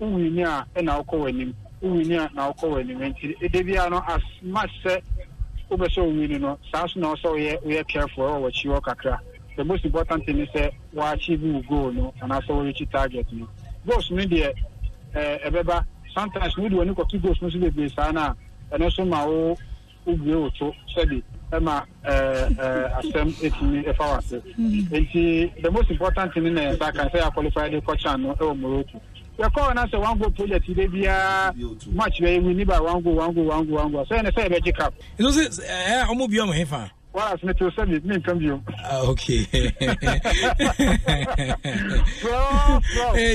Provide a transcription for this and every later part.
nhini a ɛna wokɔ w'anim wohini a na wokɔ w'anim nti ɛda bia no as much sɛ wobɛsɛ wohini no saa so na wo sɛ woyɛ woyɛ careful ɛwɔ w'akyi hɔ kakra the most important thing is sɛ woachieve wo goal no anaasɛ worekyi target no goals no deɛ ɛbɛba eh, sometimes wode w'ani two goals no so bebree saa no a ɛno so ma wo wobue wo to sɛde ɛma asɛm ɛtumi ɛfa w ase nti the most important thing no na yɛnsa kan sɛ yɛaqualify de kɔkyan no ɛwɔ morocco yɛkɔɔ na sɛ one goal project dɛ biara match bɛyɛ mu niba one goal one goal one goal one goal sɛ ɛnɛ sɛ yɛbɛgye cap ɛno sɛ ɛɛ ɔmo bia ɔmo he fa wala sɛ metew sɛ me nka bio ah, ok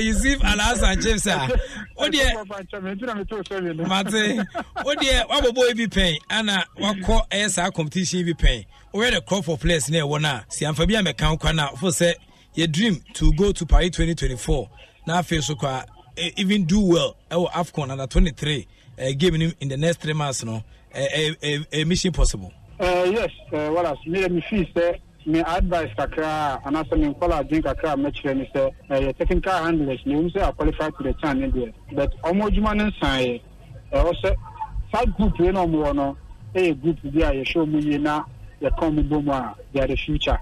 yusuf alhassan james a wodeɛ mate wodeɛ woabɔbɔ bi pɛn ana wakɔ ɛyɛ saa competition bi pɛn woyɛ the crop for players na ɛwɔ no a siamfa bi a mɛka wo kwa no a wofo sɛ yɛ dream to go to paris 2024 na afei so koraa Eh, even do well ɛwɔ eh, afcon under 23 uh, eh, game in, in the next three months no uh, uh, mission possible uh, yes uh, walas meyɛ me fii sɛ me advice kakra anaasɛ me nkɔla adwen kakra a mɛkyerɛ ne sɛ ɛyɛ technical handlers na ɛwom sɛ aqualify to the chan ne deɛ but ɔmo adwuma no nsaeɛ ɛwɔ sɛ saa group wei na ɔmowɔ no ɛyɛ group bi a yɛhwɛ ɔmo yie na yɛka ɔmo bɔ mu a they are the future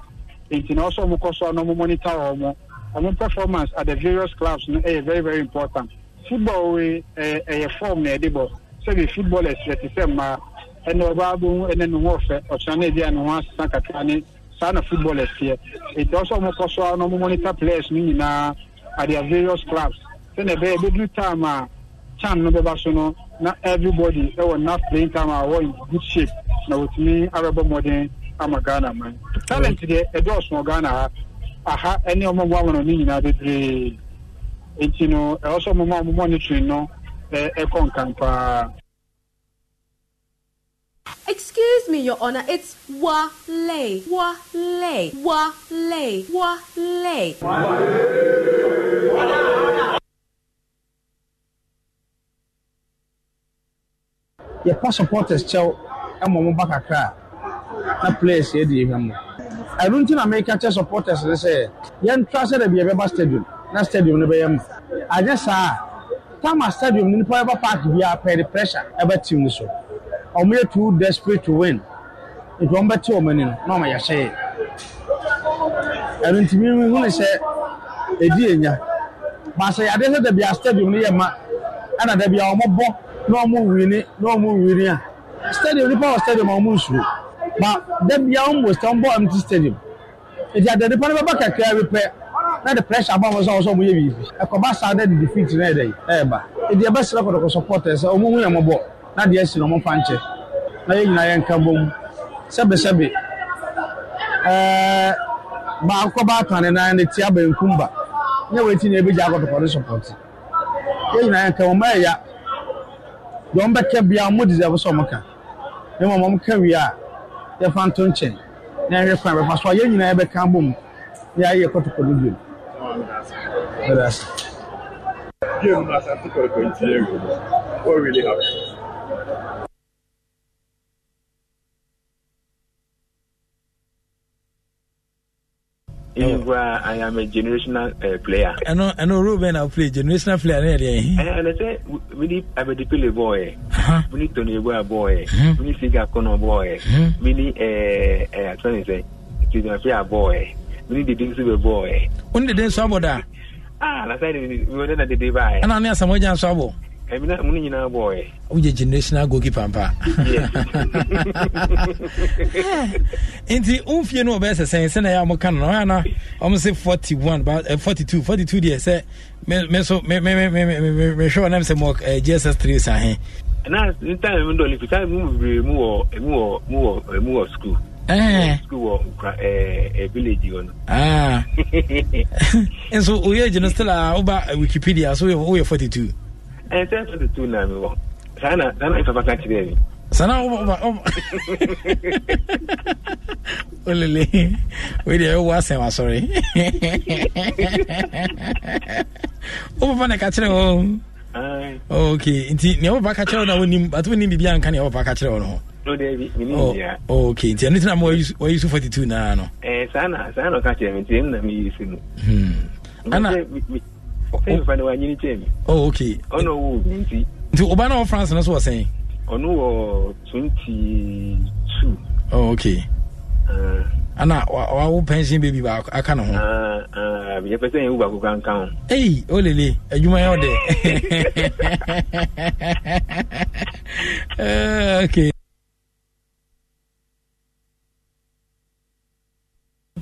enti na ɔsɛ ɔmo kɔ so a na ɔmo monitor wɔ mo ɔmo performance at the various clubs no ɛyɛ eh, very very important football we ɛyɛ eh, eh, form na yɛde bɔ sɛbi footballers yɛte sɛ mmaa ɛna ɔbaa bo ɛna ne ho ɔfɛ ɔkyerɛ ne bi a ne ho asesa kakra ne saa na footballers yɛ eti ɔsɛ ɔmo kɔ so a monitor players no nyinaa at their various clubs sɛnɛ ɛbɛyɛ ebeduru time a chan no bɛba so no na everybody ɛwɔ enough playing time a wɔn in good shape na wotumi abɛbɔ mmɔden ama ghana man talent deɛ ɛdɔɔso wɔ ghana ha aha ɛne ɔmo mu amono ne nyinaa bebree nti no ɛwɔ ɔmo mu ɔmo mu ɔnetwi no ɛkɔ nkan paa. Excuse me, Your Honor, it's Wale. Wale. Wale. Wale. Wale. yɛpa supporters kyɛw ma ɔmo ba kakra na players yɛ de yɛ hwɛ mo ɛnu nti na mɛka kyɛ supporters ne sɛ yɛn tra sɛ dɛbi yɛbɛba stadium na stadium ne bɛyɛ mu anyɛ saa tama stadium ne nipa yɛba park bi a pɛɛ pressure ɛbɛ team ne so wɔn yɛ too desperate to win nti wɔn bɛte wɔn ani no na wɔn yɛhyɛ yɛ ɛnu nti mi hu ne sɛ edi enya baasa yɛ adeɛ sɛ dɛbi a stadium ne yɛ ma ɛna dɛbi a wɔn bɔ na wɔn wini na wɔn wini a stadium nipa wɔ stadium a wɔn nsuro ba dabi a wɔn wɔ sɛn bɔ mt stadium eti adi nipa no bɛba kakra repɛ na de pressure abɔ wɔn sɛ wɔn sɛ wɔn yɛ biribi ɛkɔba saa de defeat na yɛ dɛ ɛɛba edi ɛbɛsirɛ kɔtɔkɔ supporter sɛ wɔn ho yɛ mɔbɔ na deɛ si na wɔn fa nkyɛ na yɛ nyinaa yɛ nka bɔ mu sɛbɛsɛbɛ ɛɛ baako baatan ne nan ne tia benkum ba ne wɔn ti na ebi gya kɔtɔkɔ ne support yɛ nyinaa yɛ nka wɔn mɛ yɛ ya deɛ wɔn bɛka bia wɔn mo de deɛ wɔn sɛ wɔn ka ne mu wɔn ka yɛfa nto nkyɛn na yɛhwɛ kwan bɛfa so a yɛn nyinaa yɛbɛka bom na yɛayɛ kɔtɔkɔdo bio That's... Give him a sense of what really happened? even where I am a generational uh, player. I know, I know, Ruben, I'll play generational player. And, and I say, we need Abedipele boy, uh-huh. we need Tony Boy boy, mm-hmm. uh-huh. we need Siga Kono boy, uh-huh. we need, uh, uh, I'm trying to say, Tizinafia boy, we need the Dinsu boy. When did they saw that? Ah, that's why we were not the day by. And I'm here, someone else, ɛmi na mu no nyinaa bɔɔyɛ woyɛ generational goalkeeper mpa nti womfie no wɔbɛyɛ sɛ sɛn sɛna ɛyɛ a moka no no ɔm eh, se 41 42 42 deɛ sɛ me so mehwɛ ɔnam sɛ mɔ gss 3 sa he na eh, eh, school school wɔ village hɔ no. Ah. nso oyɛ gyina still a woba wikipedia so woyɛ 42. Eh, sai fa da tuna mi ba. Sana, sana ita fa kaci ne. Sana uba uba uba. Olele, wai da yau wasan wa sorry. Uba fa na ka cire o. Okay, nti ne uba ka cire na woni, atu ni bibiya nka ne uba ka cire no. No David, mi ni ya. Oh, okay, nti anitina mo wa Yusuf 42 na no. Eh, sana, sana ka cire mi hmm. nti na mi Yusuf. Hmm. Ana Oh. oh okay. ɔnà owó nti. nti ọba náà wọ france náà sọ wọ sẹyìn. ɔno wɔ twenty two. oh okay. Uh, ana wawo pension baby ba aka ne ho ah, ah, yɛpɛ sɛ yɛwu baako ka nka ho ei olele adwuma yɛ ɔdɛ eh, okay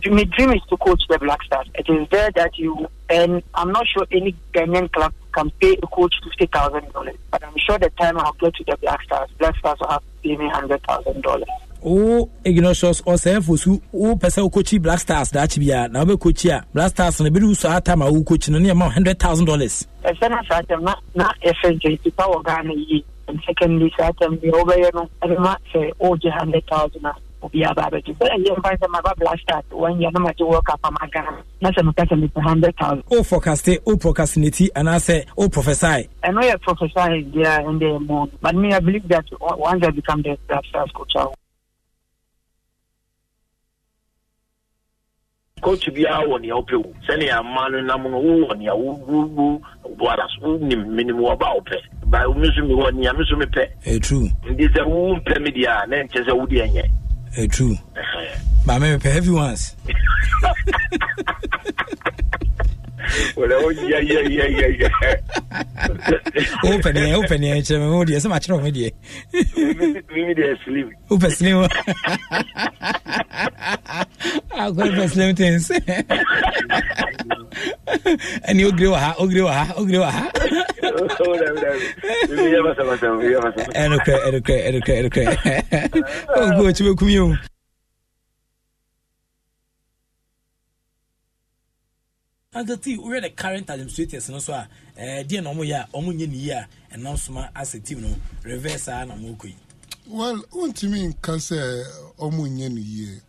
my dream is to coach the Black Stars. It is there that you, and I'm not sure any Ghanaian club can pay a coach fifty thousand dollars. But I'm sure the time I'll get to the Black Stars, Black Stars will have to pay me hundred thousand dollars. wo ignatius ɔsɛɛ fo so wopɛ sɛ wokɔkyi black stars daakye biaa na wobɛkɔkyi a black stars no bɛde wo saa a wowokɔkyi no ne ɛma wo hundred thousand dollars ɛsɛ no saa na na yɛfɛ nkyɛnsipa wɔ ghana yie and secondly saa deɛ wobɛyɛ no ɛbɛma sɛ wogye hundred thousand a obi aba abɛtu sɛ ɛyɛ mfa sɛ maba blaster wanyɛ no magye world cup ama ghana na sɛ meka sɛ mepɛ hundred thousand o forecaste o procrastinate anaasɛ o prophesy ɛno yɛ prophesy deɛ ɛndɛ mu but me i believe that once i become the stars coach I coach biara wɔ nea wopɛ wo sɛnea ma no nam no wowɔ nea woboaras wonim menim wɔba wopɛ ba me so mewɔ nea me so mepɛ nti sɛ wowo mpɛ me deɛ eh, a na nkyɛ sɛ wodeɛ nyɛ Hey, eh, true. But I may pay heavy ones. o o wopɛ deɛ wopɛ deɛ kyerɛ me mu deɛ sɛ makyerɛ me deɛ wopɛ slim akɔpɛ slim things ɛne ogire wɔ ha ogire wɔ ha ogire wɔ ha ɛnokrɛ ɛnokrɛ ɛnokrɛ ɛnokrɛ ɔnkɔ ɔkyibɛkum yɛ o adati woyɛ the current administrators no so a ɛɛ na wɔn yɛ a wɔn nyɛ ne yie a ɛnam soma asɛ team no reverse saa ah, na wɔn kɔ yi. well wontumi nka sɛ wɔn nyɛ ne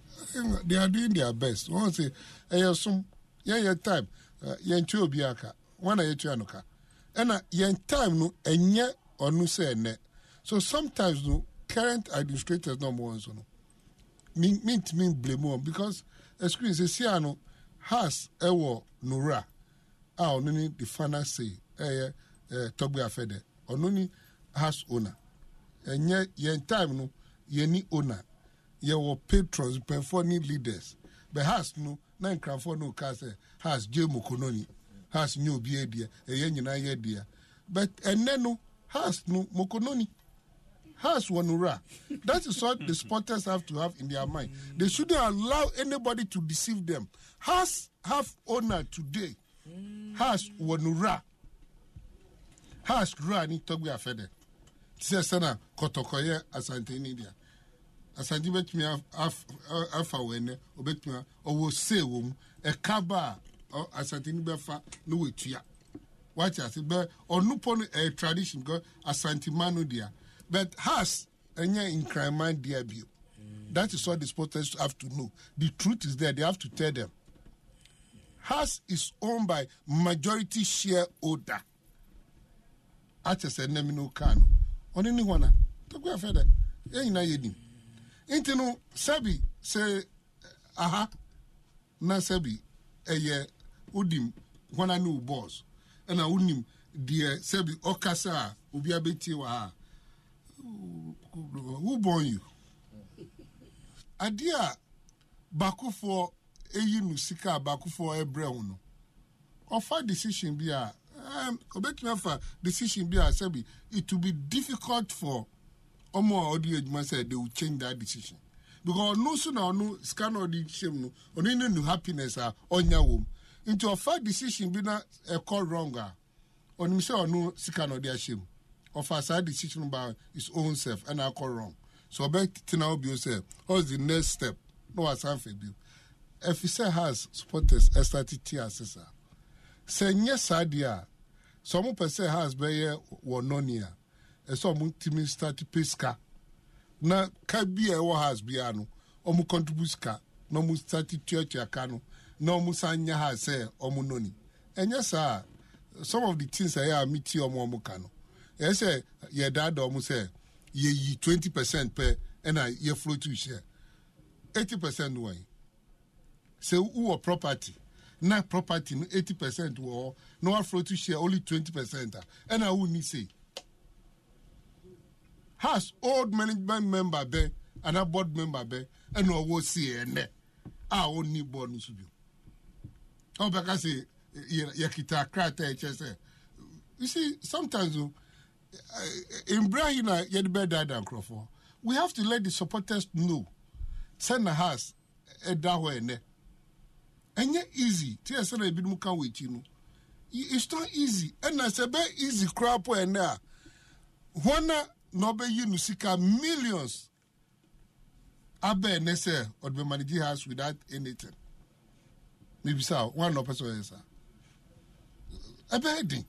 they are doing their best wɔn sɛ ɛyɛ som yɛyɛ time uh, yɛntwe obi aka wɔn a yɛtwe ano ah, ka ɛna eh, ah, uh, yɛn time no ɛnyɛ ɔno sɛ ɛnɛ so sometimes no current administrators na wɔn wɔn so no mi mi ntumi blame wɔn because excuse me sɛ si has house eh, ɛwɔ. nowura a ɔno ne the final say ɛyɛ ɛɛ tɔgbe afɛ dɛ ɔno ne house owner ɛnyɛ yɛn time no yɛn ni owner yɛwɔ patrons pɛfoɔ ne leaders but house no na nkrafoɔ no ka sɛ house gye mu kononi house nye obi yɛ deɛ ɛyɛ nyinaa yɛ deɛ but ɛnɛ no house no mokononi. has wanura. That is what the supporters have to have in their mind. They shouldn't allow anybody to deceive them. Has have honor today. Has wanura. Has ra ni togbe afede. Tise Sena kotokoye asante ni dia. Asante betumi afa wene obetumi owo se wo kaba asante ni befa no Watch as it be onupo no eh, tradition go asante manu dia. But has any increment there be? That is what the supporters have to know. The truth is there. They have to tell them. Has is owned by majority shareholder. I just said, no kaa no ɔne ne hɔ na tɔkua fɛ dɛ yɛn nyinaa yɛ nim nti no sɛbi sɛ aha na sɛbi ɛyɛ wodim hɔna ne wo bɔs ɛna wonim deɛ sɛbi ɔkasa a obi who born you adeɛ a for eyi no sika a baakofoɔ ɛbrɛ ho no decision bi a ɔbɛtumi afa decision bi a sɛbi it will be difficult for ɔmo a ɔde adwuma sɛ they will change that decision because ɔno so na ɔno sika na ɔde hyɛm no ɔno ne happiness a ɔnya wɔm nti ọfa decision bi na ɛkɔ wrong a ɔnim sɛ ɔno sika na ɔde Of ɔfa saa decision by his own self and I akɔ wrong so ɔbɛtena hɔ bio sɛ what's the next step na wasan for you. If he has supporters ɛstate ti tear. saa say yes, saa deɛ a sɛ say pɛ has bɛyɛ wɔ nɔni a ɛsɛ ɔmo timi start pay sika na ka bi a ɛwɔ has biara no ɔmo contribute sika na ɔmo start tuatua ka no na ɔmo san nyɛ has sɛ eh, And yes, sir, some of the things I a mi ti ɔmo ɔmo ka yɛsɛ yɛdaada ɔmo sɛ yɛyi twenty percent pɛ ɛna yɛfuro tu hyɛ eighty percent wɔ yi sɛ wowɔ property na property no eighty percent wɔ hɔ na wafuro tu hyɛ only twenty percent a ɛna ni sei house old management member bɛ ana board member bɛ ɛna ɔwɔ si ɛnɛ a ɔni board no so bi ɔbɛka sɛ yɛkita krataa ɛkyɛ sɛ you see sometimes o. Uh, mbrahina yɛde bɛɛ than Crawford, we have to let the supporters know Send eh, eh, a house, ɛda hɔ and ɛnyɛ easy te yɛ sɛna ebinom ka wɔ You no it's not easy And I sɛ ɛbɛ easy koraa and ɛnɛ one wɔn you na millions abɛ ɛnɛ sɛ ɔde bɛ manage house without anything mebisa wɔn one no person sɛ ɔyɛ saa ɛbɛyɛ den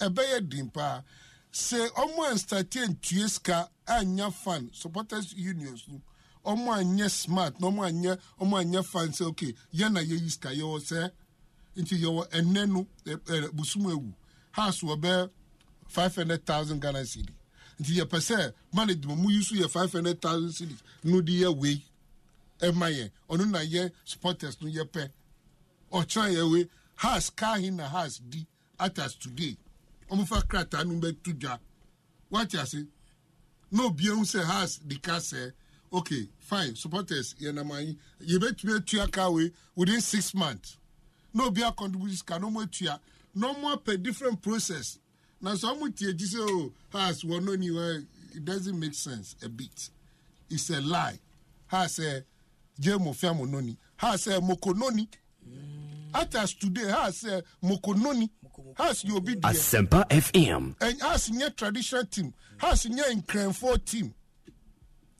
ɛbɛyɛ den pa. sɛ ɔmo anstate antue sika anya fan supporters unions no ɔmo anyɛ smart na ɔmo anyɛ ɔmo anyɛ fan sɛ okay yɛn na yɛyi sika yɛwɔ sɛ nti yɛwɔ ɛnɛ no ɛɛ busum ewu house wɔ bɛ five hundred thousand ghana cedi nti yɛpɛ sɛ management mu yi so yɛ five hundred thousand cedi no de yɛ wei ɛma yɛ ɔno na yɛ supporters no yɛpɛ ɔkyerɛ yɛ wei house kaa hin na house di atas today. ɔmofa krataa no bɛto dwa wate ase na obia hu sɛ has de ka sɛ okay fine supporters yɛnam anyi yɛbɛtumi atua car wei within six months na obia contribute sika na ɔmo atua na ɔmo apɛ different process na sɛ ɔmo tie gyi sɛ o has wɔn no ni wɔn it doesn't make sense a bit it's a lie has ɛ fia mo noni has ɛ moko noni mm. as today has ɛ moko noni house yɛ obi deɛ asɛmpa fm and house nyɛ traditional team house nyɛ nkranfoɔ team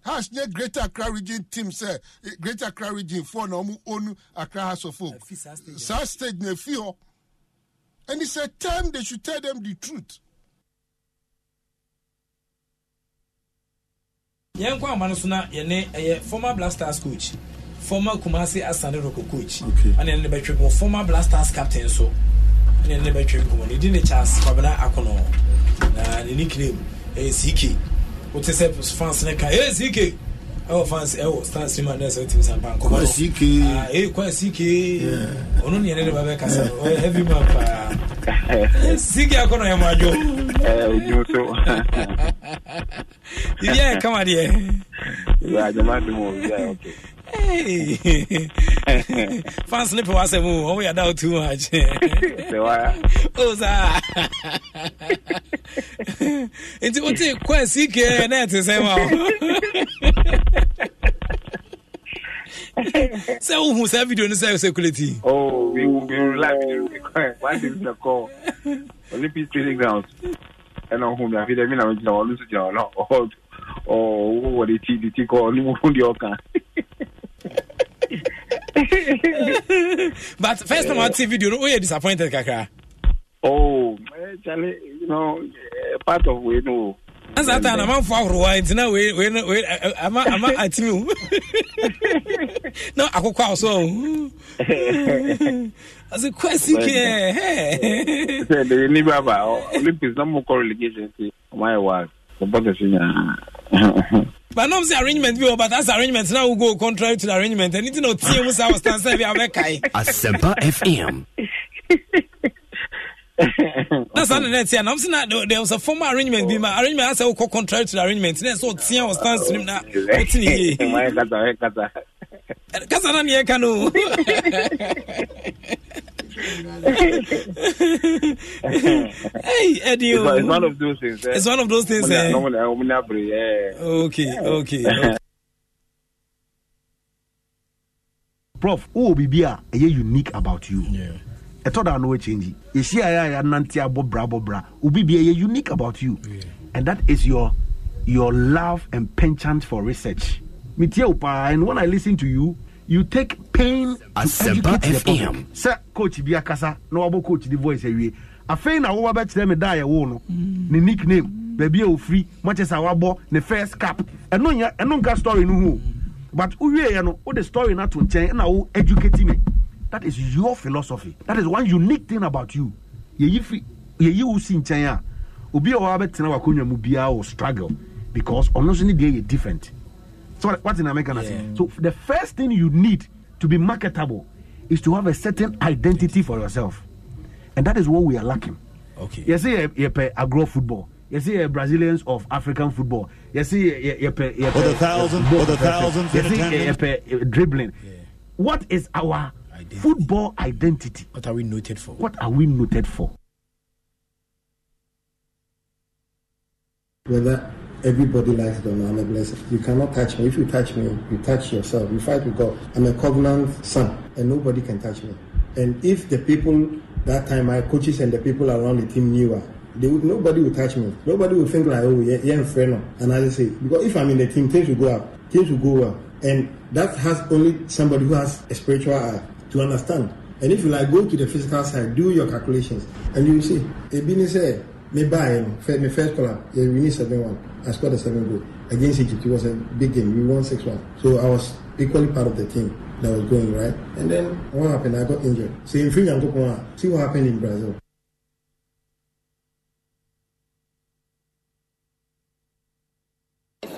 house nyɛ greater accra region team sɛ eh, greater accra region foɔ na ɔmo onu accra house of folk saa stage na efi hɔ and it's a time they should tell them the truth. yɛn kɔ ama no so na yɛne ɛyɛ former blasters coach former kumasi asane roko coach ɛna yɛne bɛtwe mu former blasters captain so ne ne bɛtwe nkɔmɔ ne di ne charles kwabena akɔnɔ na ne nickname ɛyɛ ck wote sɛ fans ne ka ɛyɛ ck ɛwɔ fans ɛwɔ star streamer nurse ɛwɔ tv sampa nkɔmɔ kwan ck ɛyɛ ah, eh, kwan ck ɔno ne yɛne ne ba bɛ kasa ɔyɛ heavy man paa ck akɔnɔ yɛ mo adwo ɛɛ eh, ojum so ibi ayɛ kama deɛ ibi adwuma dum o ibi ayɛ okay. Fan ne pɛ w'asɛm o ɔmo yɛ da too much. o saa nti o ti kɔ esi kee na ɛte sɛ ma o. sɛ o hun saa video no sɛ sɛ kuleti. oh we we rely on the one thing to call olympic training ground ɛna ohun mi afi dɛ mi na mi gyina wɔn nso gyina wɔn na ɔhɔ ɔwɔ wɔde ti di ti kɔ ɔno mu hun deɛ ɔka. but first time I see video, we are disappointed, Kakra. Oh, actually, you know, eh, part of we know. As that time, I'm for why it's now we we we eh, eh, I'm I'm at you. No, I could call so. As a question, hey. Uh, the Olympics, no more correlation. My wife, the but no say arrangement be o but as arrangement now we go contrary to the arrangement anything o tie mu sa o stand say bi abɛkae. asempa fm. that's not the net here. I'm saying that there was a formal arrangement. Be my arrangement. I said, "Oh, contrary to the arrangement." Then so Tia was standing now. What's in here? Kasa na niye kanu. hey, Eddie, it's, it's one of those things. Eh? It's one of those things. Eh? Okay, okay. okay. Prof, who will be a unique about you? Yeah. ɛtɔ da no change see, I a yɛanante abɔ bra bɔ bra will be yɛ unique about you yeah. and that is your your love and penchant for research metie wo paa and when i listen to you you take pain educate fm Sir, coach bi akasa na wabɔ coach di voice awie afei na wo wabɛkyerɛ me da a yɛwo no ne nickname baabi a ofiri manchester wabɔ ne first cap ɛno nya ɛno nka story no ho but wowieɛ no the story no ato nkyɛn na wo educate me that is your philosophy that is one unique thing about you yɛyi fi yɛyi wo si nkyɛn a obi a wabɛtena wakonnwa mu biara wo struggle because ɔno nso ne deɛ yɛ different So what in America? Yeah. So the first thing you need to be marketable is to have a certain identity for yourself, and that is what we are lacking. Okay. You see, you pay agro football. You see, Brazilians of African football. You see, you pay for the thousands, for the thousands. You see, you dribbling. Yeah. What is our identity. football identity? What are we noted for? What are we noted for? Whether Everybody likes it I'm a blessing. You cannot touch me. If you touch me, you touch yourself. You fight with God. I'm a covenant son, and nobody can touch me. And if the people that time, my coaches and the people around the team knew, they would nobody would touch me. Nobody would think like, oh, yeah, yeah, I'm friend. And I just say, because if I'm in the team, things will go up. Things will go well. And that has only somebody who has a spiritual eye to understand. And if you like go to the physical side, do your calculations, and you will see. Ebini said, Mebaye, my first collab, yeah, we need seven one. I scored the 7 goal. Against Egypt, it was a big game. We won six one. So I was equally part of the team that was going, right? And then what happened? I got injured. So in Finland, see what happened in Brazil.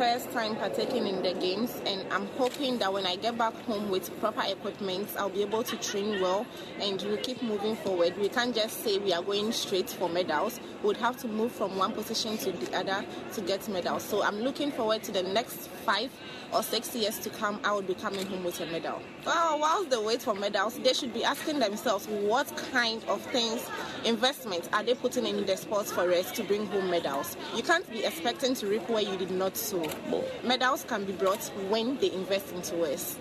first time partaking in the games, and I'm hoping that when I get back home with proper equipment, I'll be able to train well and we'll keep moving forward. We can't just say we are going straight for medals. We'd have to move from one position to the other to get medals. So I'm looking forward to the next five or six years to come, I would be coming home with a medal. Well, whilst they wait for medals, they should be asking themselves what kind of things, investments are they putting in the sports for us to bring home medals? You can't be expecting to reap where you did not sow. Medals can be brought when they invest into us.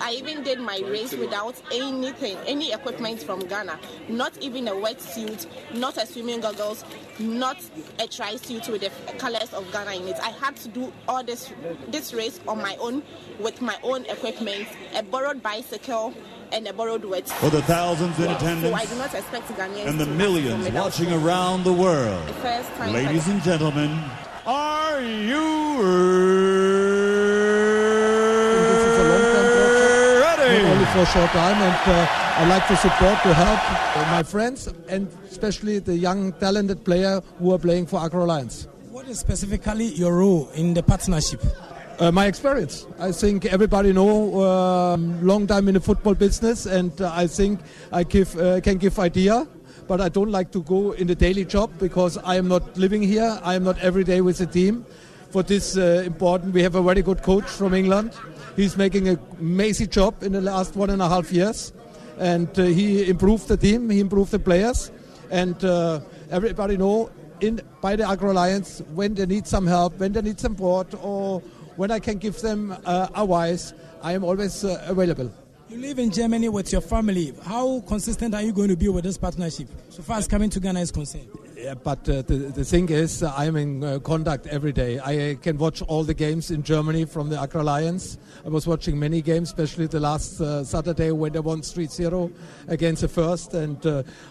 I even did my race without anything, any equipment from Ghana. Not even a wetsuit, not a swimming goggles, not a tri-suit with the colors of Ghana in it. I had to do all this this race on my own with my own equipment, a borrowed bicycle, and a borrowed wet. For the thousands in attendance, so I do not expect Ghanaians and the millions watching around the world. The Ladies and gentlemen, are you? for a short time, and uh, I'd like to support to help my friends and especially the young talented player who are playing for Agro Alliance. What is specifically your role in the partnership? Uh, my experience. I think everybody know uh, long time in the football business, and uh, I think I give, uh, can give idea. But I don't like to go in the daily job because I am not living here. I am not every day with the team. For this uh, important, we have a very good coach from England He's making a amazing job in the last one and a half years, and uh, he improved the team. He improved the players, and uh, everybody know in by the Agro Alliance when they need some help, when they need support, or when I can give them uh, advice. I am always uh, available. You live in Germany with your family. How consistent are you going to be with this partnership so far as coming to Ghana is concerned? Yeah, uh, but uh, the, the thing is, uh, I'm in uh, contact every day. I uh, can watch all the games in Germany from the Accra Lions. I was watching many games, especially the last uh, Saturday when they won 3 0 against the first. And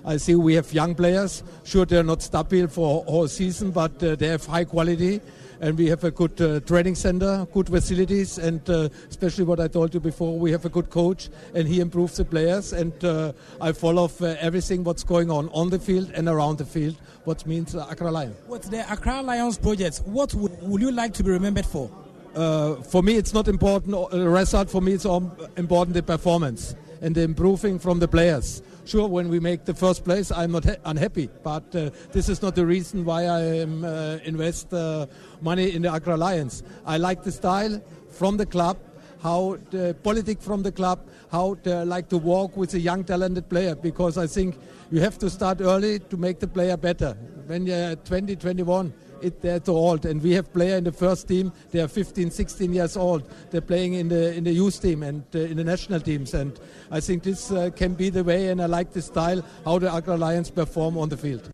I see we have young players. Sure, they're not stable for whole season, but they have high quality and we have a good uh, training center, good facilities, and uh, especially what I told you before, we have a good coach, and he improves the players, and uh, I follow uh, everything what's going on on the field and around the field, what means Accra Lions. What's the Accra Lions project? What would, would you like to be remembered for? Uh, for me, it's not important, uh, result. For me, it's important the performance and improving from the players. Sure, when we make the first place, I'm not unhappy, but uh, this is not the reason why I uh, invest uh, money in the Accra Lions. I like the style from the club, how the politic from the club, how they like to walk with a young talented player, because I think you have to start early to make the player better. When you're 20, 21, it, they're too old. And we have player in the first team, they are 15, 16 years old. They're playing in the in the youth team and uh, in the national teams. And I think this uh, can be the way, and I like the style, how the Agra Lions perform on the field.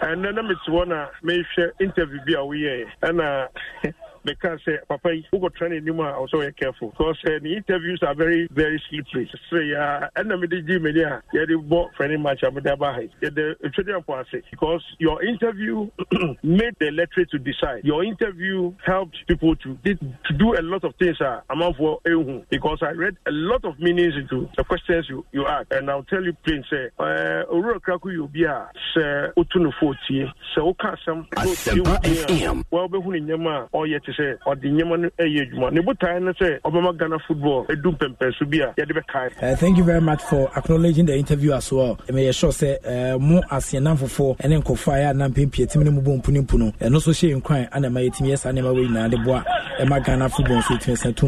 And then I'm going to interview, be away. And, uh, meka sɛ papa yi wokɔtra ne anim a ɔsɛ woyɛ careful because uh, the interviews are very very slippery sɛ a ɛna mede gye m'ani a yɛde bɔ friendly match a mede aba ha yɛde twɛde ase because your interview made the electorate to decide your interview helped people to, to do a lot of things a uh, amanfoɔ ɛhu because I read a lot of meanings into the questions you, you asked and I'll tell you plain sɛ uh, owurɔ uh, kra ko yɛ obi a sɛ wotu no fo tie sɛ woka asɛm well wobɛhu ne nyɛma oh, a ɔyɛ te sɛ ɔde nneɛma no ɛyɛ adwuma ne botae no sɛ ɔbɛma ghana football ɛdu mpɛmpɛso bi a yɛde bɛkae uh, thank you very much for acknowledging the interview as well meyɛ sure sɛ uh, mo aseɛnamfofoɔ ne nkɔfoɔ a ɛna mpɛmpie timi no mu bɔ no ɛno nso hyɛ nkwan ana ma yɛtumi yɛ saa nneɛma wɔ nyinaa de boa ɛma ghana football nso yɛtumi sɛ to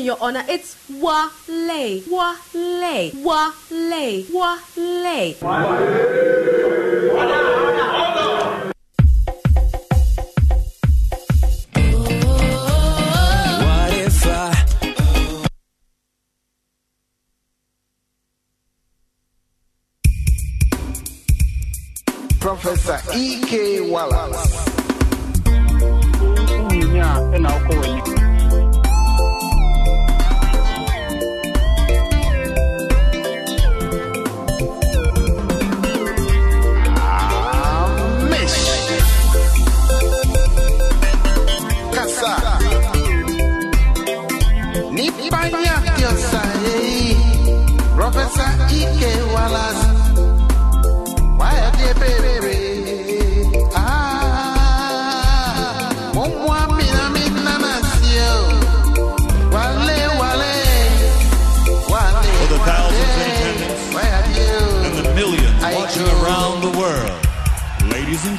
Your Honor, it's Wale. Wale. Wale. Wale. Wale. Professor E.K. Wallace. Oh,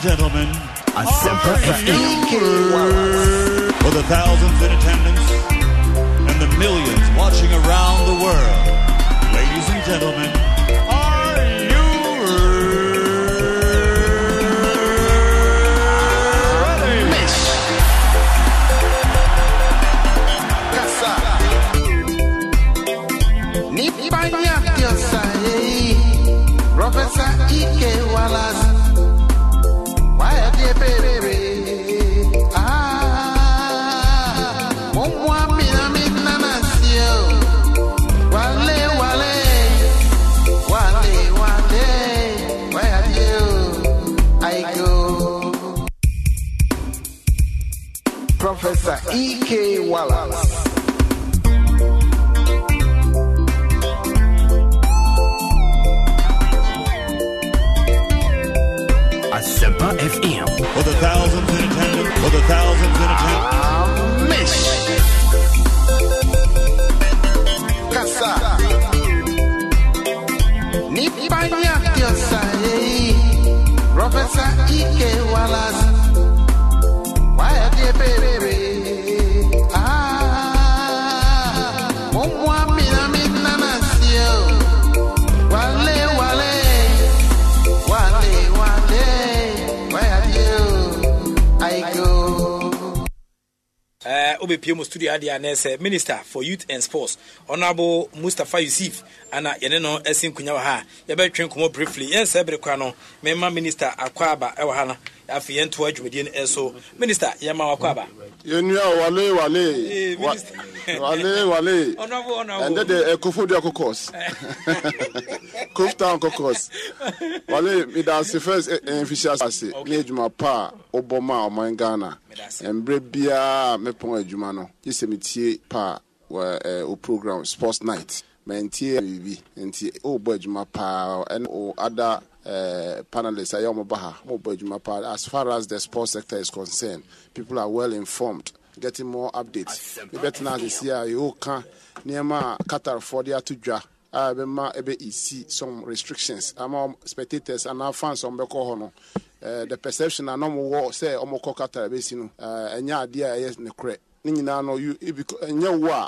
gentlemen, a Semper For the thousands in attendance and the millions watching around the world, ladies and gentlemen, Ah, oh, eh, obepie mu studio adeɛ anɛ minister for youth and sports Honourable mustapha yusuf ana yɛne no asi nkonya wɔ ha a yɛbɛtwe nkɔmmɔ briefly yɛn bere kwa no mema minista akɔ aba ɛwɔ ha no afei yɛntoa dwumadie no ɛso minista yɛma wakɔ aba yɛnua wale wale eh, wale wale ɛndɛ uh, de ɛkofodua kokos cof town kokos wale medase first ɛmfisi asase ne adwuma pa a wobɔ ma ɔman ghana mmerɛ biaa mɛpɔn adwuma no gye sɛ metie pa wo eh, program sports night biribi nti wobɔ adwuma paa ɛne o eh, ada ɛyɛ ba ha mobɔ adwuma paa as far as the sports sector is concerned people are well informed getting more updates mebɛtena asesi a yɛwoka nneɛma a qatarfoɔ de ato dwa a ah, ɛbɛma ɛbɛsi some restrictions ama spectators anaa fans ɔmbɛkɔ hɔ no eh, the perception a na ɔmowɔ sɛ ɔmokɔ qatar bɛsi no eh, ɛnyɛ adeɛ a ɛyɛ nokorɛ ne nyinaa no ɛnyɛ wo a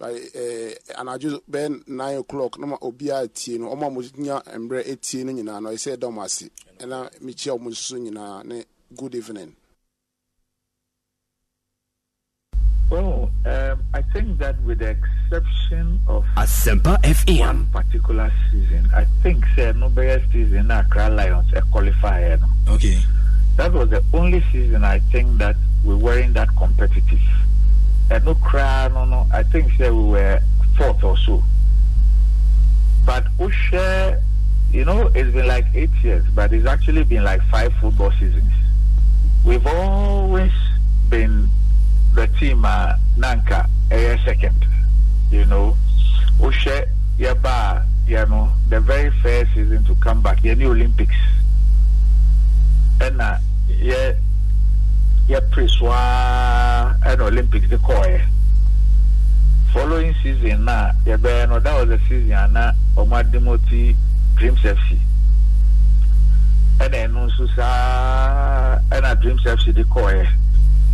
like eh, anadwo bɛɛ nine o'clock na ma obiara tie no ɔmo a mo nya mbrɛ etie no nyinaa no ɛsɛ dɔm ase ɛna mekyia ɔmo nso nyinaa ne good evening. Well, um, I think that with the exception of Asempa FM one particular season, I think say no better season Accra Lions a qualifier. Okay. That was the only season I think that we weren't that competitive. no koraa no no i think sɛ we were fourth or so but Usha, you know it's been like eight years but it's actually been like five football seasons we've always been the team uh, nanka a second you know Usha, yɛba you know the very first season to come back the new olympics ɛna yeah yɛpere soaa ɛna eh, olympics de kɔɔeɛ following season na yɛbɛyɛ no that was the season ana ɔmo ademoti dreams fc ɛna eh, ɛno nso saa ɛna eh, dreams fc de kɔɔeɛ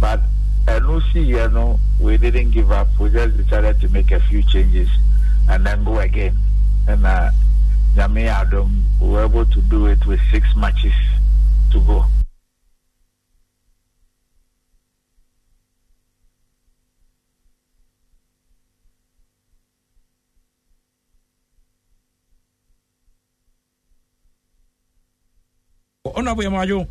but ɛno siiɛ no we didn't give up we just decided to make a few changes and then go again ɛna nyame adom we were able to do it with six matches to go. honorable yamajo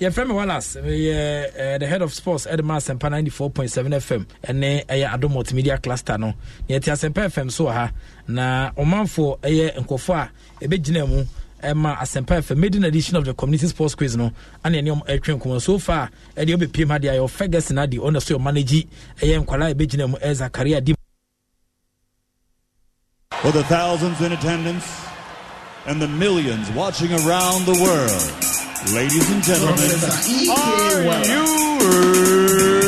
yɛfrɛ me wallas meyɛ eh, the head of sports edema asɛmpa 94.7 fm ɛne eh, ɛyɛ eh, ado multimedia cluster no na yɛte asɛmpa fm so ha na ɔmanfoɔ ɛyɛ nkɔfoɔ a ɛbɛgyina mu ɛma asɛmpa fm made an edition of the community sports quiz no ane ɛne ɛtwe nkɔmɔ so far ɛdeɛ wobɛpiem ha deɛ ayɛ ɔfɛgɛs no ade ɔna so ɔmanagyi ɛyɛ nkwala a ɛbɛgyina mu ɛzakaria di For the thousands in attendance and the millions watching around the world. Ladies and gentlemen, are you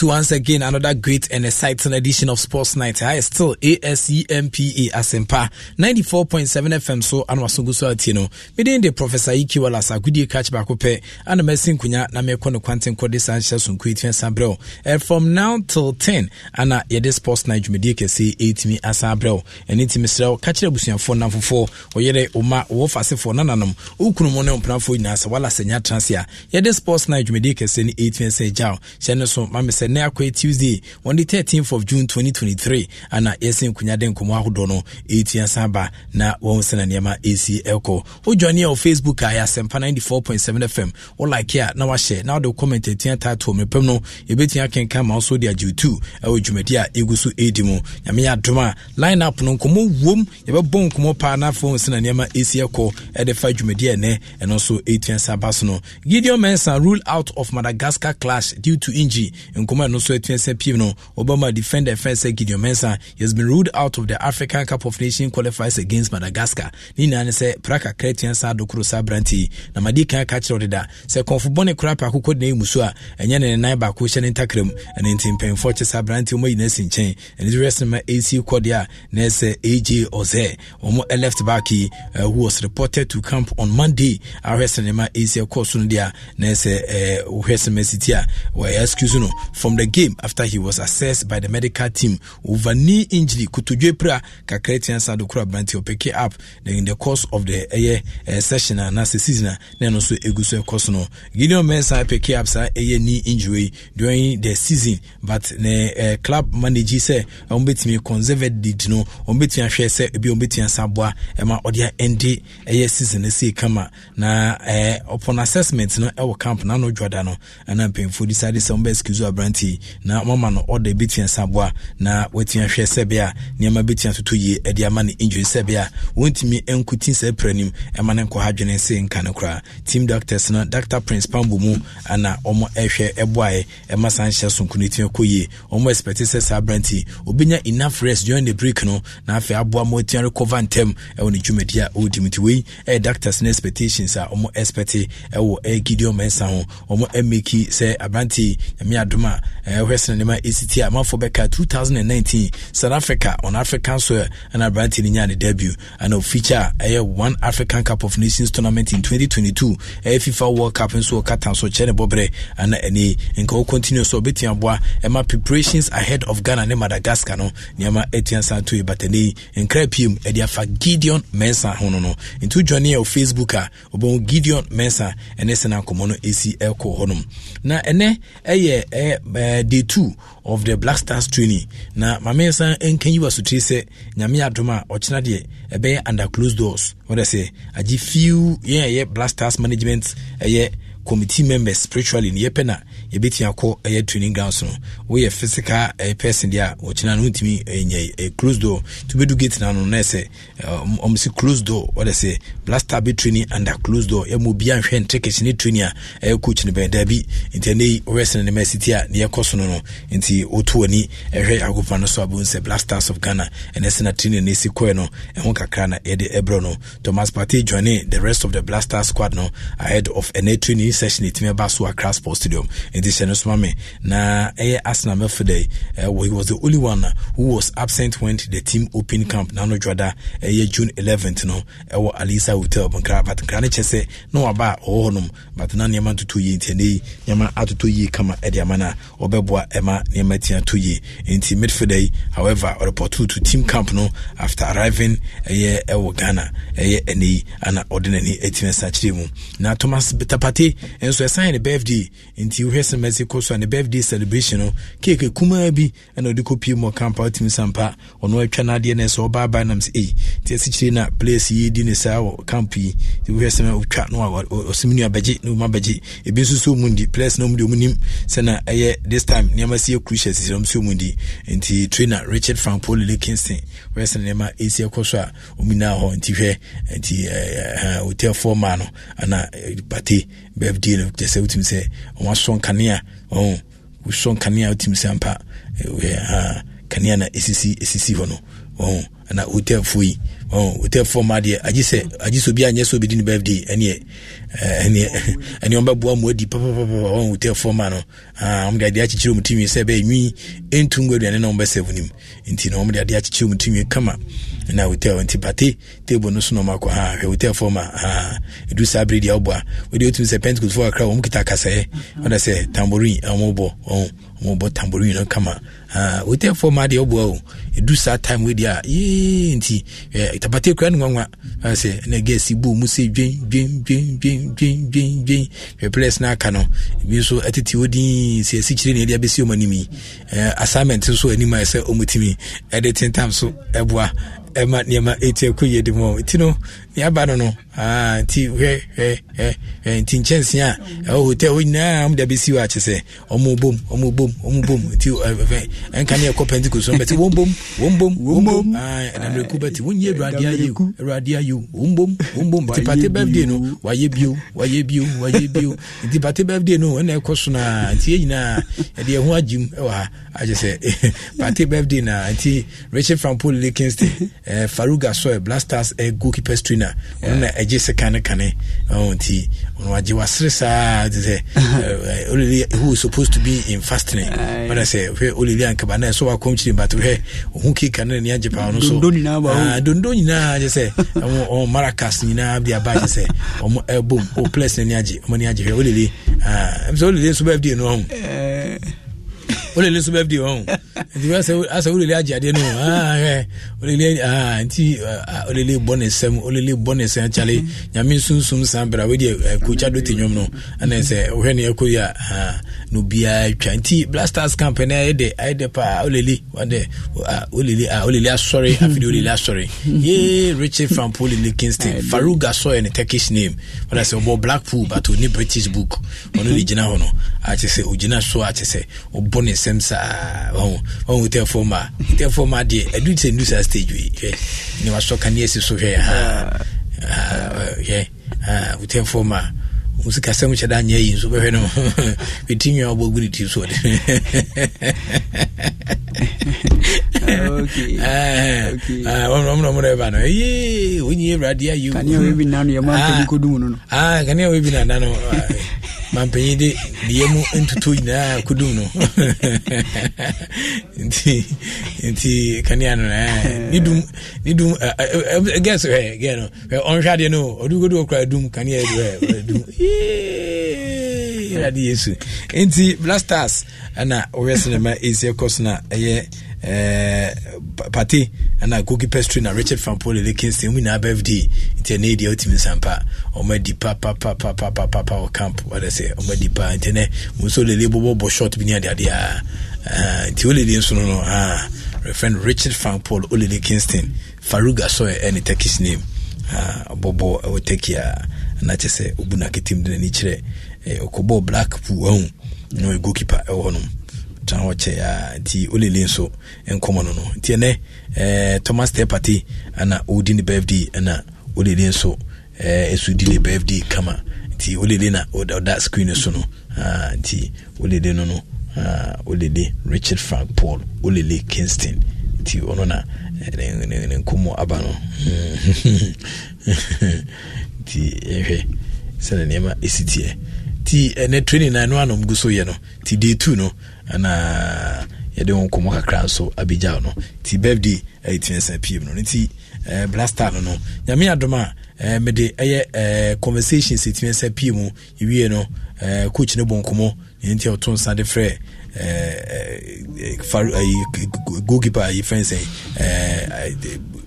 to once again another great and exciting edition of Sports Night. I still ASEMPA Asempa 94.7 FM so anwa sungu so atino. Midin Professor Iki wala sa gudie catch back up eh, and mesin kunya na meko no kwanten kode sanche sunku And from now till 10 ana yede Sports Night jumedie kese 8 eh, mi asabrel. And eh, intimi srew kachire busuafo na four. oyere oma wo fase fo nananom ukunu mo ne mpranfo nyina sa wala senya transia. Yede Sports Night jumedie kese ni 8 mi se jaw. Hyene so mamese ɛnɛ akɔɛ tuesday on the 13th of june 2023 ana yɛsɛ nkonya de nkɔmmɔ ahodoɔ no ɛtua san ba na wɔn sɛna nneɛma ɛsi ɛkɔ wodwane a wɔ facebook a yɛasɛmpa 94.7 fm wolike a na wahyɛ na wode comment atua tatoɔ mmerɛpɛm no yɛbɛtua kenka ma wo so de agyew 2 ɛwɔ dwumadi a ɛgu so ɛdi mu nyame yɛ a line up no nkɔmmɔ wom yɛbɛbɔ nkɔmmɔ paa na afɔ sɛna nneɛma ɛsi ɛkɔ ɛde fa dwumadi ɛnɛ ɛno so gideon mensa rule out of madagascar clash due to injury nkɔmmɔ Oman also at Tuense Obama defender fence Gideon Mensah. He has been ruled out of the African Cup of Nations qualifiers against Madagascar. Nina ne sɛ praka kra tuansa adokoro branti na madi kan ka kyerɛ deda sɛ kɔnfo bɔne kora paako kɔ dena mu so a ɛnyɛ ne nenan baako hyɛ ne ntakram ɛne nti mpanyimfoɔ kyɛ saa branti ɔma nyina si nkyɛn ɛne wrɛse ma ɛsi kɔdeɛ a aj ɔzɛ ɔmo left back uh, who was reported to camp on monday arrested sɛ ne ma ɛsi ɛkɔɔ so no deɛ a na ɛsɛ uh, wohwɛ excuse no from from the game after he was assessed by the medical team over knee injury. Kutujwe Kakretian Sadokura Branti Opeke up in the course of the uh, uh, session and as a season. Then also Egusu Kosono. Gideon Mensa Peke up sa eh, a knee injury during the season, but the uh, club manager say Ombetimi conserved did no Ombetian share say Ebi Ombetian Sabwa Emma Odia ND a season see kama na upon assessment no our camp na no Jordano and I'm painful decided some best Kuzu nti na mama no ɔda bɛtua sa boa na watua hwɛ sɛbea nneɛma bɛtua toto yie de ama no injury sɛbea wɔntumi nkuti sɛ pra nim ɛma no nkɔha dwene se nka no koraa team doctors no dr prince pambo mu ana ɔmo ɛhwɛ ɛboaeɛ ɛma saa nhyɛ sonko no tumi kɔ yie ɔmo expect sɛ saa berante obɛnya enough rest during the break no na afei aboa mo watua recover ntɛm ɛwɔ ne dwumadi a ɔwɔdi mu nti wei ɛyɛ doctors no expectations a ɔmo expect ɛwɔ ɛgideon mɛnsa ho ɔmo ɛmeki sɛ aberante nyame adom a a ɛhwɛ ACT. nema ɛsiti a mafoɔ bɛka 2019 south africa on african soil ɛna aberante no nyaa ne debut ana ɔfikyɛ a ɛyɛ one african cup of nations tournament in 2022 ɛyɛ eh, fifa world cup nso ɔkata nso kyɛ ne bɔberɛ ana ɛne nka wɔcontinue so ɔbɛtumi aboa ɛma eh, preparations ahead of ghana ne madagascar no nneɛma atua san toe batane eh, nkra piem ɛde afa gideon mensa ho no no nti wodwane ah, a facebook a wɔbɛhu gideon mensa ɛne sena nkɔmmɔ no ɛsi ɛkɔ hɔnom na ɛnɛ ɛyɛ uh, day two of the black stars training na maame nsa nka yi wa sotiri sɛ nyame adom a ɔkyena deɛ ɛbɛyɛ under closed doors wɔde sɛ agye few yɛn yeah, ɛyɛ yeah, black stars management ɛyɛ. Uh, yeah, committee members spiritually ni yɛpɛ na yɛbɛtumi akɔ ɛyɛ training grounds no woyɛ physical ɛyɛ person deɛ a wɔkyena no wontumi ɛnyɛ eh, ɛyɛ eh, close door to bɛdu gate na no na ɛsɛ eh, ɔmo si close door wɔde sɛ blaster bi training under close door yɛ mo bia nhwɛ ntrikɛs ne training a ɛyɛ coach ne bɛn daabi nti ɛnɛ yi wɔyɛ sɛ ne mɛ city a ne yɛkɔ so no no nti wotu ani ɛhwɛ agopa no so abo nsɛ blasters of ghana ɛnɛ sɛ na training ne si kɔɛ no ɛho kakra na yɛde ɛbrɛ no thomas partey joine the rest of the blaster squad no ahead of ɛnɛ training ɔde session ɛtumi ɛba so accra sport stadium nti hyɛ no soma me na ɛyɛ arsenal mɛfodɛ uh, he was the only one who was absent when the team opened camp na no dwada ɛyɛ june 11th no ɛwɔ alisa hotel nkra but nkra no kyɛ sɛ na waba a ɔwɔ hɔnom but na nneɛma ntoto yie nti ɛnɛ yi nneɛma atotɔ yie kama ɛde ama no a ɔbɛboa ɛma nneɛma tia to yie nti midfielder however ɔrepɔtoo to team camp no after arriving ɛyɛ ɛwɔ ghana ɛyɛ ɛnɛ yi ana ɔde n'ani atumi asakyerɛ mu na thomas bitapate nso ɛsan ne birthday nti wohwɛ sɛ mɛsi kɔ so a ne birthday celebration no oh, keeke kumaa bi ɛna ɔde kɔpie mu ɔkampa wotumi sampa ɔno atwa no adeɛ no sɛ ɔbaabaa nam sɛ ei nti asikyire no a place yi di ne saa wɔ camp yi nti wohwɛ sɛ ɔtwa no a ɔsɛm nua bɛgye na ɔma bɛgye ebi nso so ɔmundi place na ɔmde ɔmunim sɛna ɛyɛ this time nneɛma si yɛ crucial sisi ɔm so ɔmundi nti trainer richard Frank fanpole kingston wɛsɛ nneɛma ɛsi ɛkɔ so a ɔmu nyinaa hɔ nti hwɛ nti eh, eh, eh, hotelfoɔ ma no ana bate birthday no kyɛ sɛ wotumi sɛ ɔmo asɔ nkanea ɔn wosɔ nkanea wotumi sɛ mpa ah, kanea na ɛsisi ɛsisi hɔ no ɔn ana hotelfoɔ yi hotel fom adeɛ agye sɛ agye sɛ obi anyɛ sɛ obɛdi ne birthday ɛneɛ ɛne ɔmbɛboa mu adi papapapa ɔ hotel fom a no ɔmde adeɛ akyekyerɛ mu tumi sɛ ɛbɛyɛ nwi ɛntum gu aduane na ɔmbɛsɛvo nim nti na ɔmde adeɛ akyekyerɛ mu tumi kama na hotel nti pate table no so na ɔmakɔ ha hwɛ hotel fom a ɛdu saa berɛ deɛ wobɔ a wode wotumi sɛ pentecostfoɔ kakra wɔm kita kasaeɛ ɔda sɛ tamborin ɛmobɔ ɔho wɔbɔ tamborin no kama wotiafoɔ ma deɛ ɔboa o ɛdu saa time wei deɛ a yee nti eh, tapate kura ne nwanwa sɛ na gasi bo mu sɛ dwen dwen dwen dwen dwen dwen dwen pɛpɛlɛs no aka no bi nso ɛtete hɔ din sɛ asikyire ne ɛde abɛsi ɔma anim yi eh, assignment nso anim a ɛsɛ ɔmutumi ɛde tentam so ɛboa ɛma nneɛma ɛti akɔ yie de mu nti no yɛaba no no ah, nti hwɛ nti nkyɛnse a ɛwɔ hotel hɔ nyinaa ɔm da bɛsi wɔ akye sɛ ɔmobom ɔmobom ɔmobom nti ɛnka ne yɛkɔ pentecost no bɛte wɔmbom wɔmbom wɔmbom ah, ɛnamerɛku bɛte wonyɛ awurade ayɛ awurade ayɛ wɔmbom wɔmbom nti pate birthday no wayɛ bio wayɛ bio wayɛ bio nti pate birthday no ɛna ɛkɔ so noa nti yɛ nyinaa ɛde ɛho agye m ɛwɔ ha agye sɛ pate birthday na nti richard frampol lakins te faruga soil blasters goalkeepers trainer a ɔno na agye sɛ kane kane wasere saa te sɛ olele who is supposed to be in fastening mana sɛ hwɛ olele ankaba na ɛsɛ wakɔm kyiri but hwɛ ɔhu kei kane ani agye paa no so dondo nyinaa agye sɛ maracas nyinaa de aba agye sɛ ɔmo ɛbom o plɛs no agye ɔmo agye hwɛ olele ɛm sɛ nso bɛɛ no ɔmo olele so birthday ɔn nti asɛ asɛ olele agye adeɛ no ahɛ olele ah nti olele bɔ ne nsɛm olele bɔ ne nsɛm kyale nyame sunsun san bra wedi kocha do te nwom no ana sɛ ohwɛ ne ɛkɔ yia ah no biara twa nti blasters camp ne ayɛ dɛ ayɛ dɛ paa olele wadɛ ah olele ah olele asɔre afidie olele asɔre Ye richard franpo olele kingston Faruga gasol yɛ ne turkish name wadɛ sɛ ɔbɔ blackpool but oni british book O de gyina hɔ no akyɛ o ogyina so akyɛ sɛ ɔbɔ ne nsɛm asɛm saa ɔhu hotelfoɔ ma hotelfoɔ ma deɛ ɛdu sɛ ndu saa stage wei hwɛ ne wasɔ kaneɛ si so hwɛ hwɛ hotelfoɔ ma wọn sika sẹmu kyerɛ daa nyɛ yi nso bɛhwɛ no eti nwia ɔbɔ gu ne ti so ɔde. wọn nọ mọ mọ ba no ee onyi no mampanyin de deɛ mu ntutu nyinaa kudum no nti nti kanea no eh, ne dum ne dum gɛs hɛ gɛ no hɛ ɔnhwɛ adeɛ no ɔdugodo ɔkora dum kanea du hɛ dum yɛade eh, yesu nti blasters ɛna wɔyɛ sinima ɛsi ɛkɔ so na ɛyɛ Eh, pate ana gogi pestry na richard fampole le kinston mu nyinaa bɛfd nti ɛnɛ deɛ wotumi nsampa ɔmo adi pa wɔ camp wɔde sɛ ɔma adi paa nti nɛ mu nso lele bɔbɔbɔ short bi ne adeadeɛ a nti wolele nso no no refrɛn uh, richard fampole olele kinston faruga soɛ ɛne turkish name ɔbɔbɔ ɛwɔ turkey a na kyɛ sɛ na no aketem de n'ani kyerɛ ɔkɔbɔɔ black pool ahu na ɔyɛ goalkeeper ɛwɔ oh, hɔ ɔtena hɔ kyɛ a nti olele nso nkɔmmɔ no no nti ɛnɛ eh, thomas tepate ana ɔdi ne birthday ana olele nso ɛso eh, di ne birthday kama nti olele na ɔda screen so no ah, nti olele no no ah, olele richard frank paul olele kingston nti ɔno na ne nkɔmmɔ aba no nti yɛhwɛ sɛne nneɛma ɛsi teɛ ti ɛnɛ training na ɛno anom gu so yɛ no ti day two no ana yɛde wo nkɔmmɔ kakra nso abɛgyaw no nti birthday ɛyɛtumi sa pm no no nti blaster no no nyame adom a mede ɛyɛ conversation sɛ tumi sa pie mu yɛwie no coach no bɔ nkɔmmɔ nti ɔto nsa de frɛ goalkeeper a yɛfrɛ sɛ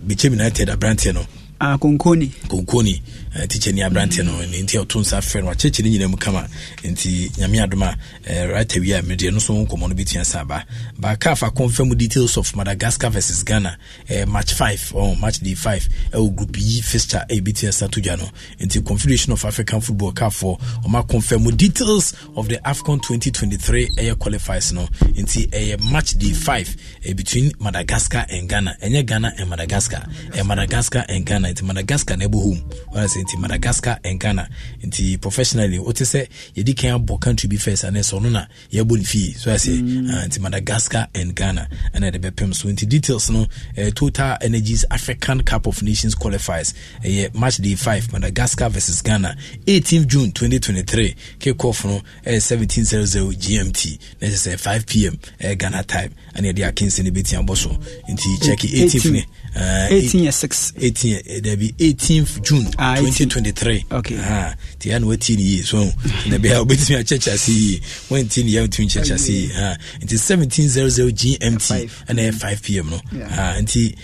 bikyɛm united aberanteɛ no ah, konkoni konkoni Eh, tikyɛ ni aberante no nti ɔto nsa frɛ no akyekyere nyina mu kama nti nyame adom eh, right awie a medeɛ no so ho nkɔmmɔ no bɛtua sa aba baaka afa kɔmfa details of madagascar versus ghana eh, match 5 oh, match D 5 ɛwɔ eh, group yi e, fixture a ɛbɛtua sa to dwa no nti confederation of african football kafoɔ ɔma kɔmfa details of the African 2023 ɛyɛ qualifies no nti ɛyɛ match D 5 eh, between madagascar and ghana ɛnyɛ ghana and madagascar eh, madagascar and ghana nti madagascar na ɛbɔ home representing Madagascar and Ghana nti professionally wote sɛ yɛdi kan abɔ country bi first anɛ sɛ ɔno na yɛbɔ ne fie so ase mm. uh, nti Madagascar and Ghana ɛna yɛde bɛpem so nti details no uh, Total Energies African Cup of Nations qualifiers ɛyɛ uh, match day five, Madagascar versus Ghana 18 June 2023 kick off no ɛyɛ 17:00 GMT na ɛsɛ sɛ 5 pm ɛyɛ Ghana time ɛna yɛde akensi ne bɛtia bɔ so nti check 18 ne 18 uh, years 6 18 dabi 18th June ah, 2023 okay ha ti ya no wati so na be how betimi a church asi when tin ya wati church asi ha nti 1700 GMT and 5 pm no ha nti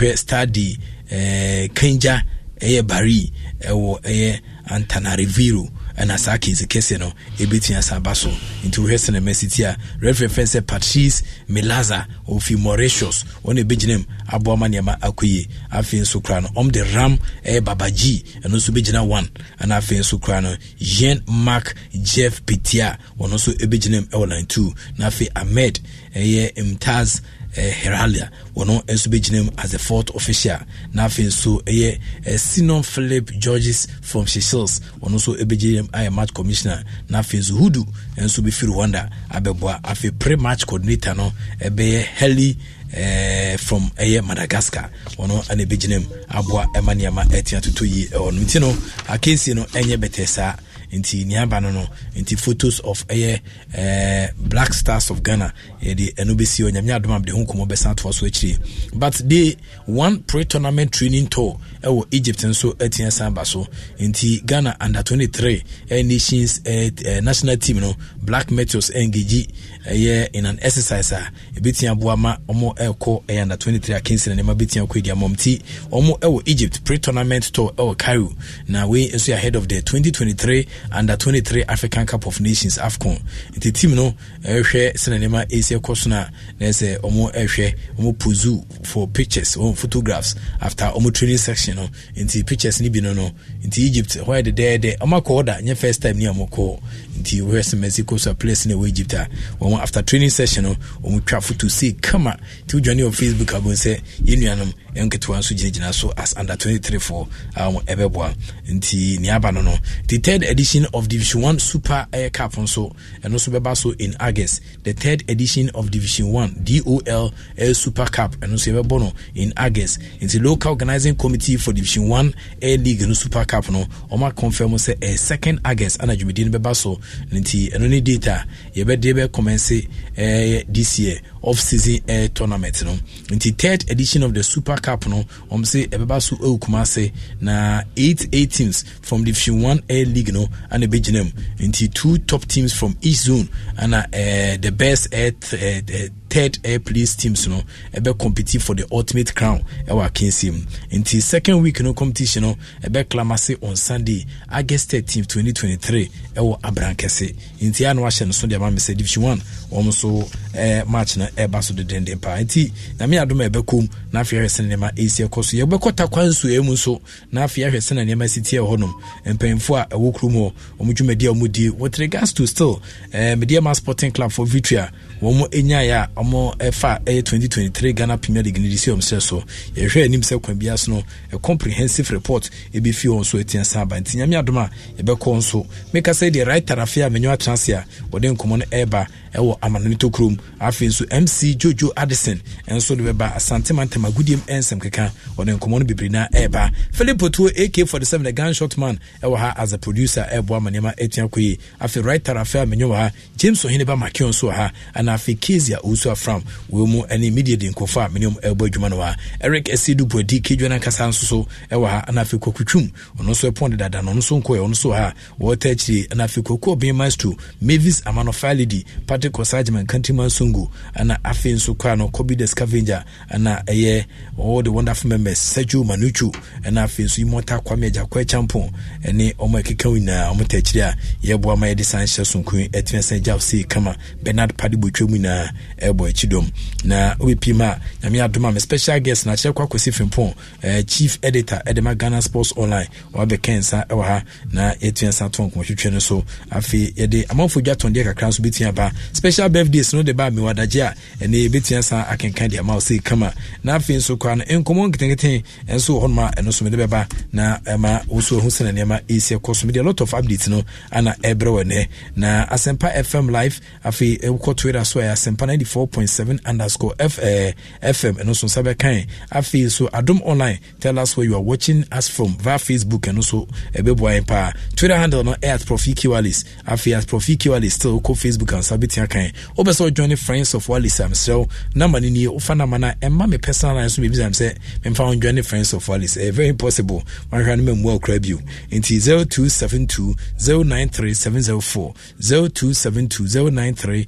we study eh Kenya ɛyɛ eh, bari ɛwɔ eh, ɛyɛ eh, antanareviro ɛna saa kese kɛseɛ no ɛbɛtumi asa aba so nti wohwɛ sinema city a refere fɛn sɛ patrice melaza ofi mauritius wɔn ɛbɛgyina mu aboa ma nneɛma akɔ afei nso kora no ɔm de ram ɛyɛ eh, babaji ɛno nso bɛgyina one ɛna afei nso kora no jean mark jeff petia wɔn nso ɛbɛgyina mu eh, ɛwɔ line two na afei ahmed ɛyɛ eh, mtaz Eh, heralia wɔno nso bɛgyina mu as the fourth official na afei nso ɛyɛ eh, sinon philip georges from seychelles ɔno nso e bɛgyina mu ayɛ match commissioner na afei nso hudu nso bɛfiri rwanda abɛboa afei pre match coordinator no ɛbɛyɛ eh, heli eh, from ɛyɛ eh, madagascar ɔno ana ɛbɛgyina mu aboa ɛma nneɛma ɛtea toto yie ɛwɔ no nti no akansie no ɛnyɛ bɛtɛ saa nti neaba no no nti photos of ɛyɛ eh, black stars of ghana yɛde ɛno bɛsi onyame adom abde ho nkɔmmɔ bɛsan toa so akyire but de one pre tournament training tour ɛwɔ egypt nso atia san ba so nti ghana under 23 eh, nations eh, national team no black meteors ɛngeji ɛyɛ in an exercise a ɛbɛtumi aboa ma ɔmo ɛkɔ ɛyɛ under 23 akensi na nneɛma biti akɔ edi amam ti ɔmo ɛwɔ egypt pre tournament tour ɛwɔ cairo na wei nso yɛ ahead of the 2023 under 23 african cup of nations afcon nti team no ɛhwɛ sɛnɛ nneɛma esi ɛkɔ so na ɛsɛ ɔmo ɛhwɛ ɔmo pozu for pictures ɔmo photographs after ɔmo training section no nti pictures ni bi no no nti egypt hɔ yɛ dɛdɛɛdɛ ɔmo akɔ ɔda nyɛ first time ni ɔmo kɔ nti wɔhwɛ sɛ mexico so a place na ɛwɔ egypt a wɔn after training session no ɔmo twa photo sei kama ti wodwane wɔ facebook abo sɛ yɛn nuanom nketewa nso gyinagyina so as under twenty three four ɔmo ɛbɛboa nti nea aba no no the third edition of division One super air cup nso ɛno nso bɛba so in august the third edition of division 1 dol air super cup ɛno nso yɛbɛbɔ no in august nti local organizing committee for division One air league no super cup no ɔmo akɔnfɛm sɛ ɛyɛ second august ana dwumadie no bɛba so nti ɛno ne data yɛbɛde bɛ commence ase eh, this year off season eh, tournament no nti third edition of the super cup no wɔn sɛ ɛbɛba eh, so ɛwɔ eh, kumase na eight eight teams from division one air league no ɛna ɛbɛgyina mu nti two top teams from each zone ɛna eh, the best eh, eh, third air eh, place teams no ɛbɛ compete for the ultimate crown ɛwɔ akansi mu nti second week no competition no ɛbɛ klamase on sunday august thirteen twenty twenty three ɛwɔ abrankɛse nti ɛna wahyɛ no so deɛ ma mi sɛ division one wɔn nso eh, match no ɛba so dedenden paa nti nyame adom a ɛbɛkɔm na afei ahwɛ sɛ nneɛma ɛsi ɛkɔ so yɛbɛkɔ takwa nsuoɛ mu nso na afei na nneɛma si tie hɔnom mpanyimfoɔ a ɛwɔ kurom hɔ wɔn dwumadi a wɔn die with regards to still eh, mediama sporting club for victory a wɔn nyaeɛ a wɔn ɛfa ɛyɛ three ghana premier league ne de si wɔn sɛ so yɛhwɛ anim sɛ kwan bi ase no a comprehensive report ebi fi wɔn so etia san aba nti nyame adom a yɛbɛkɔ nso meka sɛ deɛ right tarafe a menyo atena ase a wɔde nkɔmɔ no ɛreba ɛwɔ amanonito kurom afei nso mc jojo addison nso de bɛba asantemantam agudiem nsɛm keka ɔne nkɔmmɔ no bebree na ɛreba philip otuo ak47 the gun shot man ɛwɔ ha as a producer ɛreboa ma nneɛma atua kɔ yi afei writer afei amenyɛ wɔ ha james ohene ba makeon so wɔ ha ana afei kesi a ɔwusu afram wɔ mu ne media de nkɔfo a meneom ɛrebɔ adwuma no wɔ ha eric asidu buadi kedwa no ankasa nso so ɛwɔ ha ana afei kwakutwum ɔno nso ɛpɔn dedada no ɔno nso nkɔɛ ɔno nso wɔ ha wɔɔta akyire ana afei kwaku ɔben maestro mavis amanofalidi pate de kɔ saa german countryman songo ana afei nso kora no kobi the scavenger ana eh, ɛyɛ all the wonderful members sergio manucho ɛna afei nso imota kwame agyakoa champon ɛne eh, ɔmo ɛkeka nyinaa eh, ɔmo ta akyire a yɛboa ma yɛde san hyɛ sonko ɛtena san gyaw sei kama bernard pade bɔtwa mu nyinaa ɛbɔ akyi dɔm na wobɛpie mu a nyame adom a special guest na akyerɛ kɔ akɔsi fimpɔn eh, chief editor ɛde ma ghana sports online ɔabɛka nsa ɛwɔ ha na yɛtua nsa to nkɔmɔtwetwe no so afei yɛde amanfoɔ dwa tɔndeɛ kakra nso bɛtumi aba special birthdays no de ba mi wadagye a ɛne yɛbɛtua saa akenkan deɛ ma wo sei kama na afei nso koa no nkɔmmɔ nketenketen ɛnso wɔ hɔnoma ɛno so mede bɛba na ɛma wo so ahu sɛne nneɛma ɛsi ɛkɔ so mede a lot of update no ana ɛbrɛ wɔ nnɛ na asɛmpa fm live afei ɛwokɔ twitter so ɛyɛ asɛmpa 94.7 underscore F, eh, fm ɛno so nsa bɛkae afei so adom online tell us where you are watching us from via facebook ɛno so ɛbɛboa yɛn paa twitter handle no ɛ at profi qalis afei at profi qalis still wokɔ facebook ansa bɛtia nti akan wobɛ sɛ wojoine friends of Sam. So number no nie wofa nama no a ɛma me personal line so biribi sɛ sɛ memfa wo friends of wallis ɛyɛ eh, very impossible wanhwɛ no mammua wokora bio nti 0272 093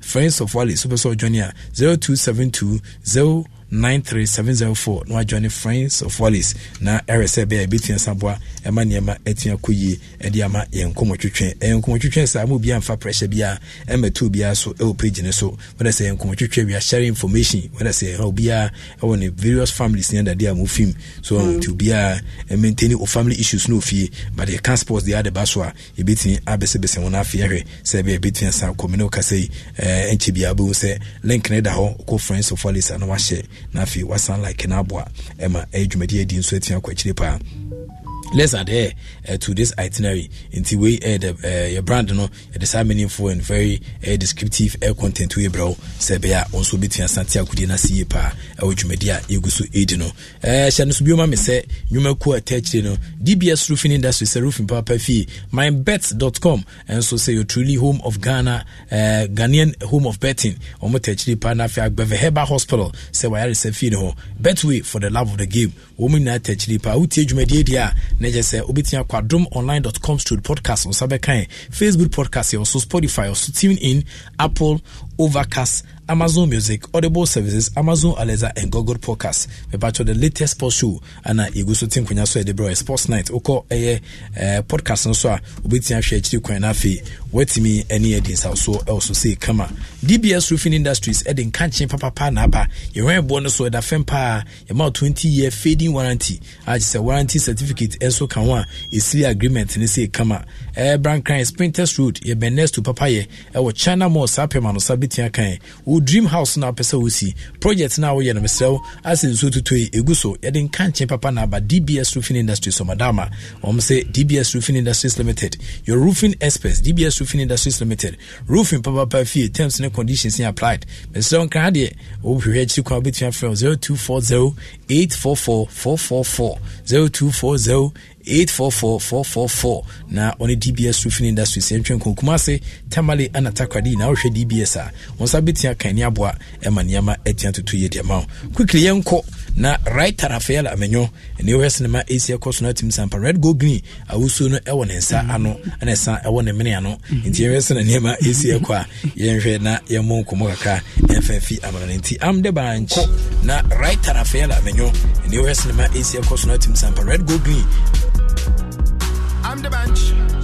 friends of wallis wobɛ sɛ wojoine a 0272 93704 na wajoine friends of wallis na ɛrɛ sɛ ɛbɛyɛ ɛbɛtua saboa ɛma nneɛma atua kɔ yie ɛde ama yɛn nkɔmmɔtwetwe ɛyɛ nkɔmmɔtwetwe saa ma obiaa mfa pressure biaa ɛmmɛto obiaa so ɛwɔ page ne so wɛdɛ sɛ yɛn nkɔmmɔtwetwe wia sharing information wɛdɛ sɛ ɛha obiaa ɛwɔ ne various families ne adade a mofim so mm. nti obiaa eh, maintain o family issues no ofie but yɛka sports deɛ ade ba so a yɛbɛtumi abɛsɛbɛsɛ wɔn afei ɛhwɛ sɛ ɛbɛyɛ ɛbɛtua saa kɔmi ne wokasɛ yi eh, ɛnkyɛ biaa bɛhu sɛ link ne da hɔ wokɔ friends of wallis ana wahyɛ na afei wasan like no aboa ɛma ɛyɛ dwumadi adi nso atua kɔ akyire paa let's adhere uh, to this itinerary nti wei uh, the, uh, your brand no yɛde saa meaningful and very uh, descriptive uh, content wei brɛ wo sɛ ɛbɛyɛ a wo nso wobɛtumi asante akodie no ase yie paa uh, ɛwɔ dwumadi a yɛgu so ɛdi no hyɛ no so bioma me sɛ nnwuma ku a tɛkyire no dbs roofing industry sɛ roofing papa fie mybet.com ɛnso sɛ your truly home of ghana uh, ghanaian home of betting ɔmo tɛkyire paa na afei agbɛvɛ heba hospital sɛ wayare sɛ fie no hɔ betway for the love of the game wɔn nyinaa tɛkyiri pa wotie dwumadie deɛ a na gyɛ sɛ wobɛtumi akɔ online dot com studio podcast nsa bɛkae facebook podcast yɛwɔ so spotify ɔso tune in apple Overcast, Amazon Music, Audible Services, Amazon Alexa, and Google Podcast. We batch the latest sports show and I go so think when you saw the bro sports night. Oko eh, a podcast and so we eh, be share to coin afi. Wait me any edits also also say come DBS Roofing Industries Edin Kanchin Papa Panaba. You ran bonus with a fempa about 20 year fading warranty. I just a warranty certificate and eh, so can one is the agreement and say come a brand crime Sprinters Road. Your been to Papa. ye. Our China Mall Sapemano Sabi. wobɛtia kae wo dream house na wopɛ sɛ wosi project na a woyɛ no mesrɛ asɛ nsuo totoi ɛgu so yɛde nka nkye papa na aba dbs roofing industries ɔmadama ɔm sɛ dbs roofing industries limited your roofing experts dbs roofing industries limited roofing papapa fie terms ne conditions ne applied mesrɛ nkra deɛ wohwehwɛ akyiri kwa wobɛtumi afrɛ 0240 844444 0240 844444 na ɔne dbs roofing industry sɛ ntwɛn konkuma ase tamale ana takrade na wohwɛ dbs a wɔn nsa bɛtia kan ne aboa ɛma nneɛma atia toto yɛ deɛ ma quickly yɛnkɔ na writer rafael amenyo ne ɔyɛ sinima ɛsi ɛkɔ so no atumi sampa red go green awosuo no ɛwɔ ne nsa ano ɛna ɛsa ɛwɔ ne mene ano nti yɛhwɛ sɛ na nneɛma ɛsi ɛkɔ a yɛnhwɛ na yɛmmɔ nkɔmmɔ kakra ɛmfa fi amana no nti amde bankye na writer rafael amenyo ne ɔyɛ sinima ɛsi ɛkɔ so no atumi sampa red go green amde bankye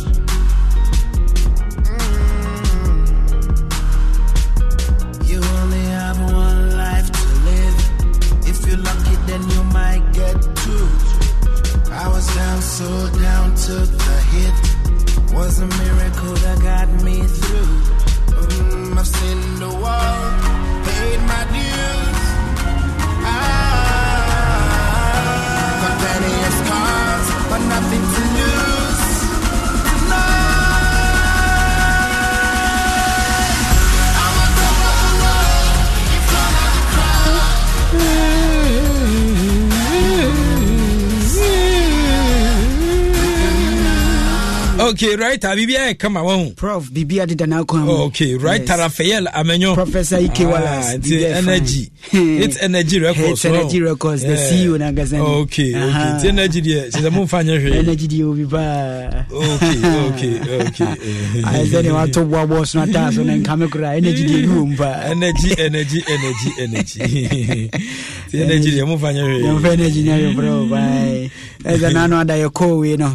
was down, so down, took the hit. Was a miracle that got me through. Mm, I've seen the wall, paid my dues. Ah, got plenty of scars, but nothing to okay right bibi ayɛ kama wɔn prof bibi adeda na akɔ amu okay right rafael amenyo professor ike ah, wallace nti energy it's energy records it's energy records the ceo na gazan okay okay nti energy deɛ sisan mun fa n yɛ hwɛ energy deɛ obi paa okay okay okay ayɛ sɛ ne wa to bɔ abɔ suna taa so na nkame kura energy deɛ bi wɔ mu paa energy energy energy energy ti energy deɛ mun fa n yɛ hwɛ yɛn fɛ energy ni ayɛ fɔlɔ baa ɛsɛ nanu adayɛ kɔɔwe no.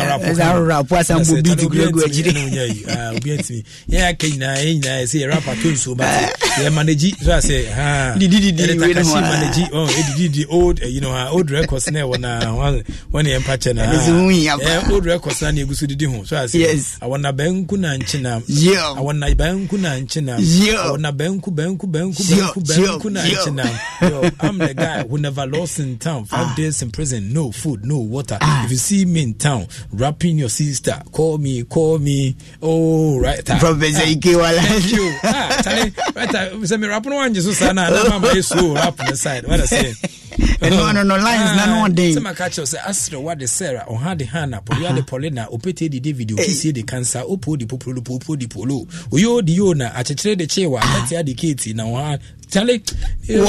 rapo asambo bi di guregu akyiri yɛyɛ ka nyinaa yɛ nyinaa sɛ yɛ rapa to nsuo ba yɛ managi so a sɛ dididididetakashi managi ɛdididi old no ha old records na ɛwɔ na wɔne yɛmpa kyɛ na old records na ne ɛgu didi ho so a sɛ awɔna banku na nkye na awɔna banku na nkye na awɔna banku banku banku banku banku na nkye na yo I'm the guy who never lost in town five days in prison no food no water if you see me in town rapping your sister. Call me, call me. Oh, right. From ah. ah, Ikewala. Thank you. Ah, right. Ah, Send me rap no one Jesus sana. Na mama you so rap on the side. What I say. And no no no lines No, no day. Some catch us asro what the Sarah on had the Hannah, but you had the uh-huh. Paulina, opete the David, you see the cancer, opo the popolo, popo the polo. Uyo the owner, achechere the chewa, let's the kids in our Charlie. Wow,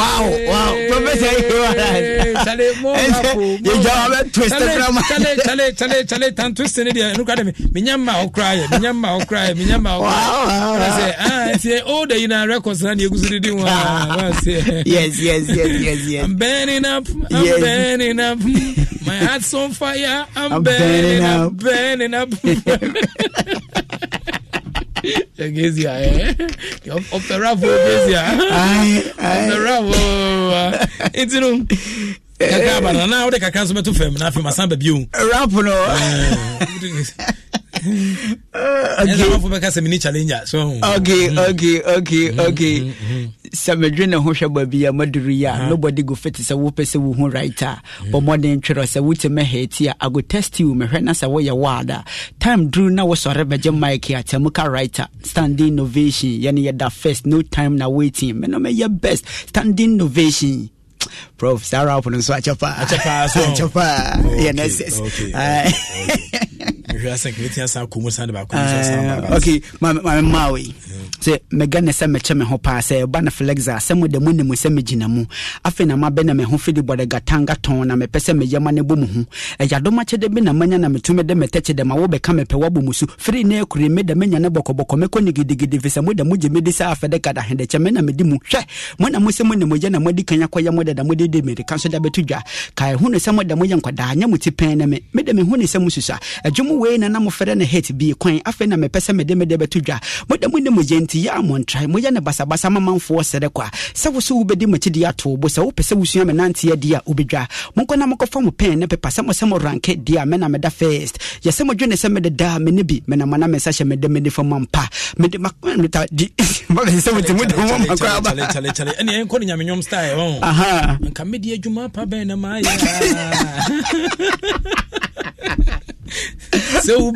wow. Professor, you are right. Eh, Charlie, more happy. You just twist it from Charlie, Charlie, Charlie, Charlie, tan twist in there. Look at me. Minyama o cry, minyama o cry, minyama o cry. Wow. Wow! Wow! ah, say, oh, the United Records and you go to the one. Yes, yes, yes, yes, yes. I'm burning up. I'm yes. burning up. My heart's on fire. I'm, I'm burning, burning up. up. Burning up. Egezia eh. Opera for Egezia. Opera for. Itinu. Kaka eh, eh. bana na wo de kaka so beto fam na afim asan ba bio. Rap no. Eh, sɛ medwe ne ho hwɛ baabi a maduru yi a uh-huh. nobody go fit sɛ wopɛ sɛ wo ho right a bɔ mmɔden mm-hmm. twerɛ sɛ wotɛmɛ haati a ago test wo mehwɛ na sɛ woyɛ word a time duru na wosɔre bɛgye mike a tamuka right a standing innovation yɛne yɛda first no time na waiting menomɛyɛ best standing innovation prof saa rap no nso akyɛ paa sɛ mega sɛ mekyɛ me ho paa sɛ ɛba no flex sɛ mode sɛ megyina mu afei na mabɛ na fidi bɔde gatanga tɔn na mepɛ sɛ meyɛma no bɔ mu ho ɛyadom bi na manya na metumi de dɛ ma wobɛka mepɛ mu su firi ne menya ne bɔkɔbɔkɔ fi sɛ medi sɛ me na medi mu hwɛ mo sɛ na moadi kanya kɔyɛ mode da mode de mirika nso da betu dwa ka ɛho ne sɛ moda moyɛ nkwadaa nyɛ mo ti pɛn ne me mede meho ne sɛ mo susa adwom wei na na mofrɛ ne het bie kwan afei na mepɛ sɛ mede mede bɛto dwa moda mu ne mogyɛ nti yɛ amɔntrae moyɛ ne basabasa ma manfoɔ sɛdɛ kɔ a sɛ wo so wobɛdi makyidi atoo bo sɛ wopɛ sɛ wosua me nanteɛ di a wobɛdwa monkɔ na mokɔfa mo pɛn ne pepa sɛ mo sɛ mo ranke di a mɛna meda first yɛ sɛ modwene sɛ mede daa me ne bi menamana me sa hyɛ mede me nifa ma mpa mede makwameta di mabɛsɛ sɛ mete mode mo ma koraa ba ɛne ɛnkɔ ne nyamenwom style aha yeah. nka mede adwuma pa bɛn na maayɛ sɛ wo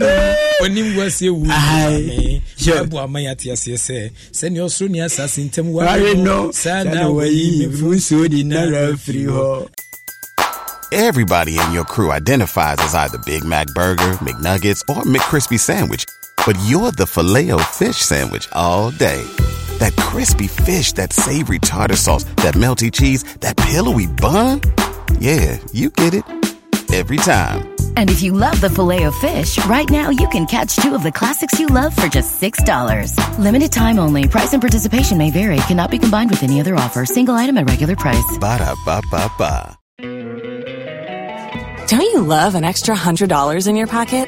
ɔnim waseɛ wuɛbo ama yɛ ateaseɛ sɛ sɛneɛ ɔsoro ne asase ntam ware no saa na wayi mfusuo di nara afiri hɔ Everybody in your crew identifies as either Big Mac Burger, McNuggets, or McCrispy Sandwich, but you're the filet fish Sandwich all day that crispy fish, that savory tartar sauce, that melty cheese, that pillowy bun. Yeah, you get it every time. And if you love the filet of fish, right now you can catch two of the classics you love for just $6. Limited time only. Price and participation may vary. Cannot be combined with any other offer. Single item at regular price. Ba da ba ba ba. Don't you love an extra $100 in your pocket?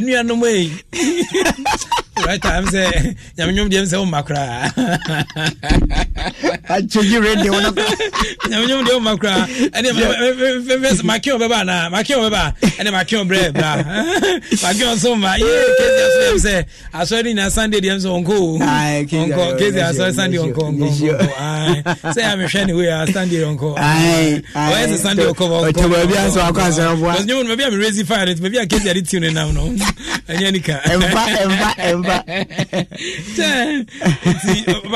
nuanom ei right am sɛ nyame nwom deɛ m sɛ woma koraa akyɛgye radio no nyame nwom deɛ woma koraa ɛne makeo bɛba anaa makeo bɛba ɛne makeo brɛ bra makeo so ma ye kesi asɔ deɛ m sɛ asɔre no nyinaa sunday deɛ m sɛ ɔnkɔ ɔnkɔ kesi asɔre sunday ɔnkɔ ɔnkɔ sɛ yɛ mehwɛ ne wei a sunday ɔnkɔ ɔyɛ sɛ sunday ɔkɔ ɔkɔ baabi a nso akɔ asɛmfoa nyom no baabi a meresi fire no nti baabi a kesi ade tiw no nam no ɛnyɛ nika ba.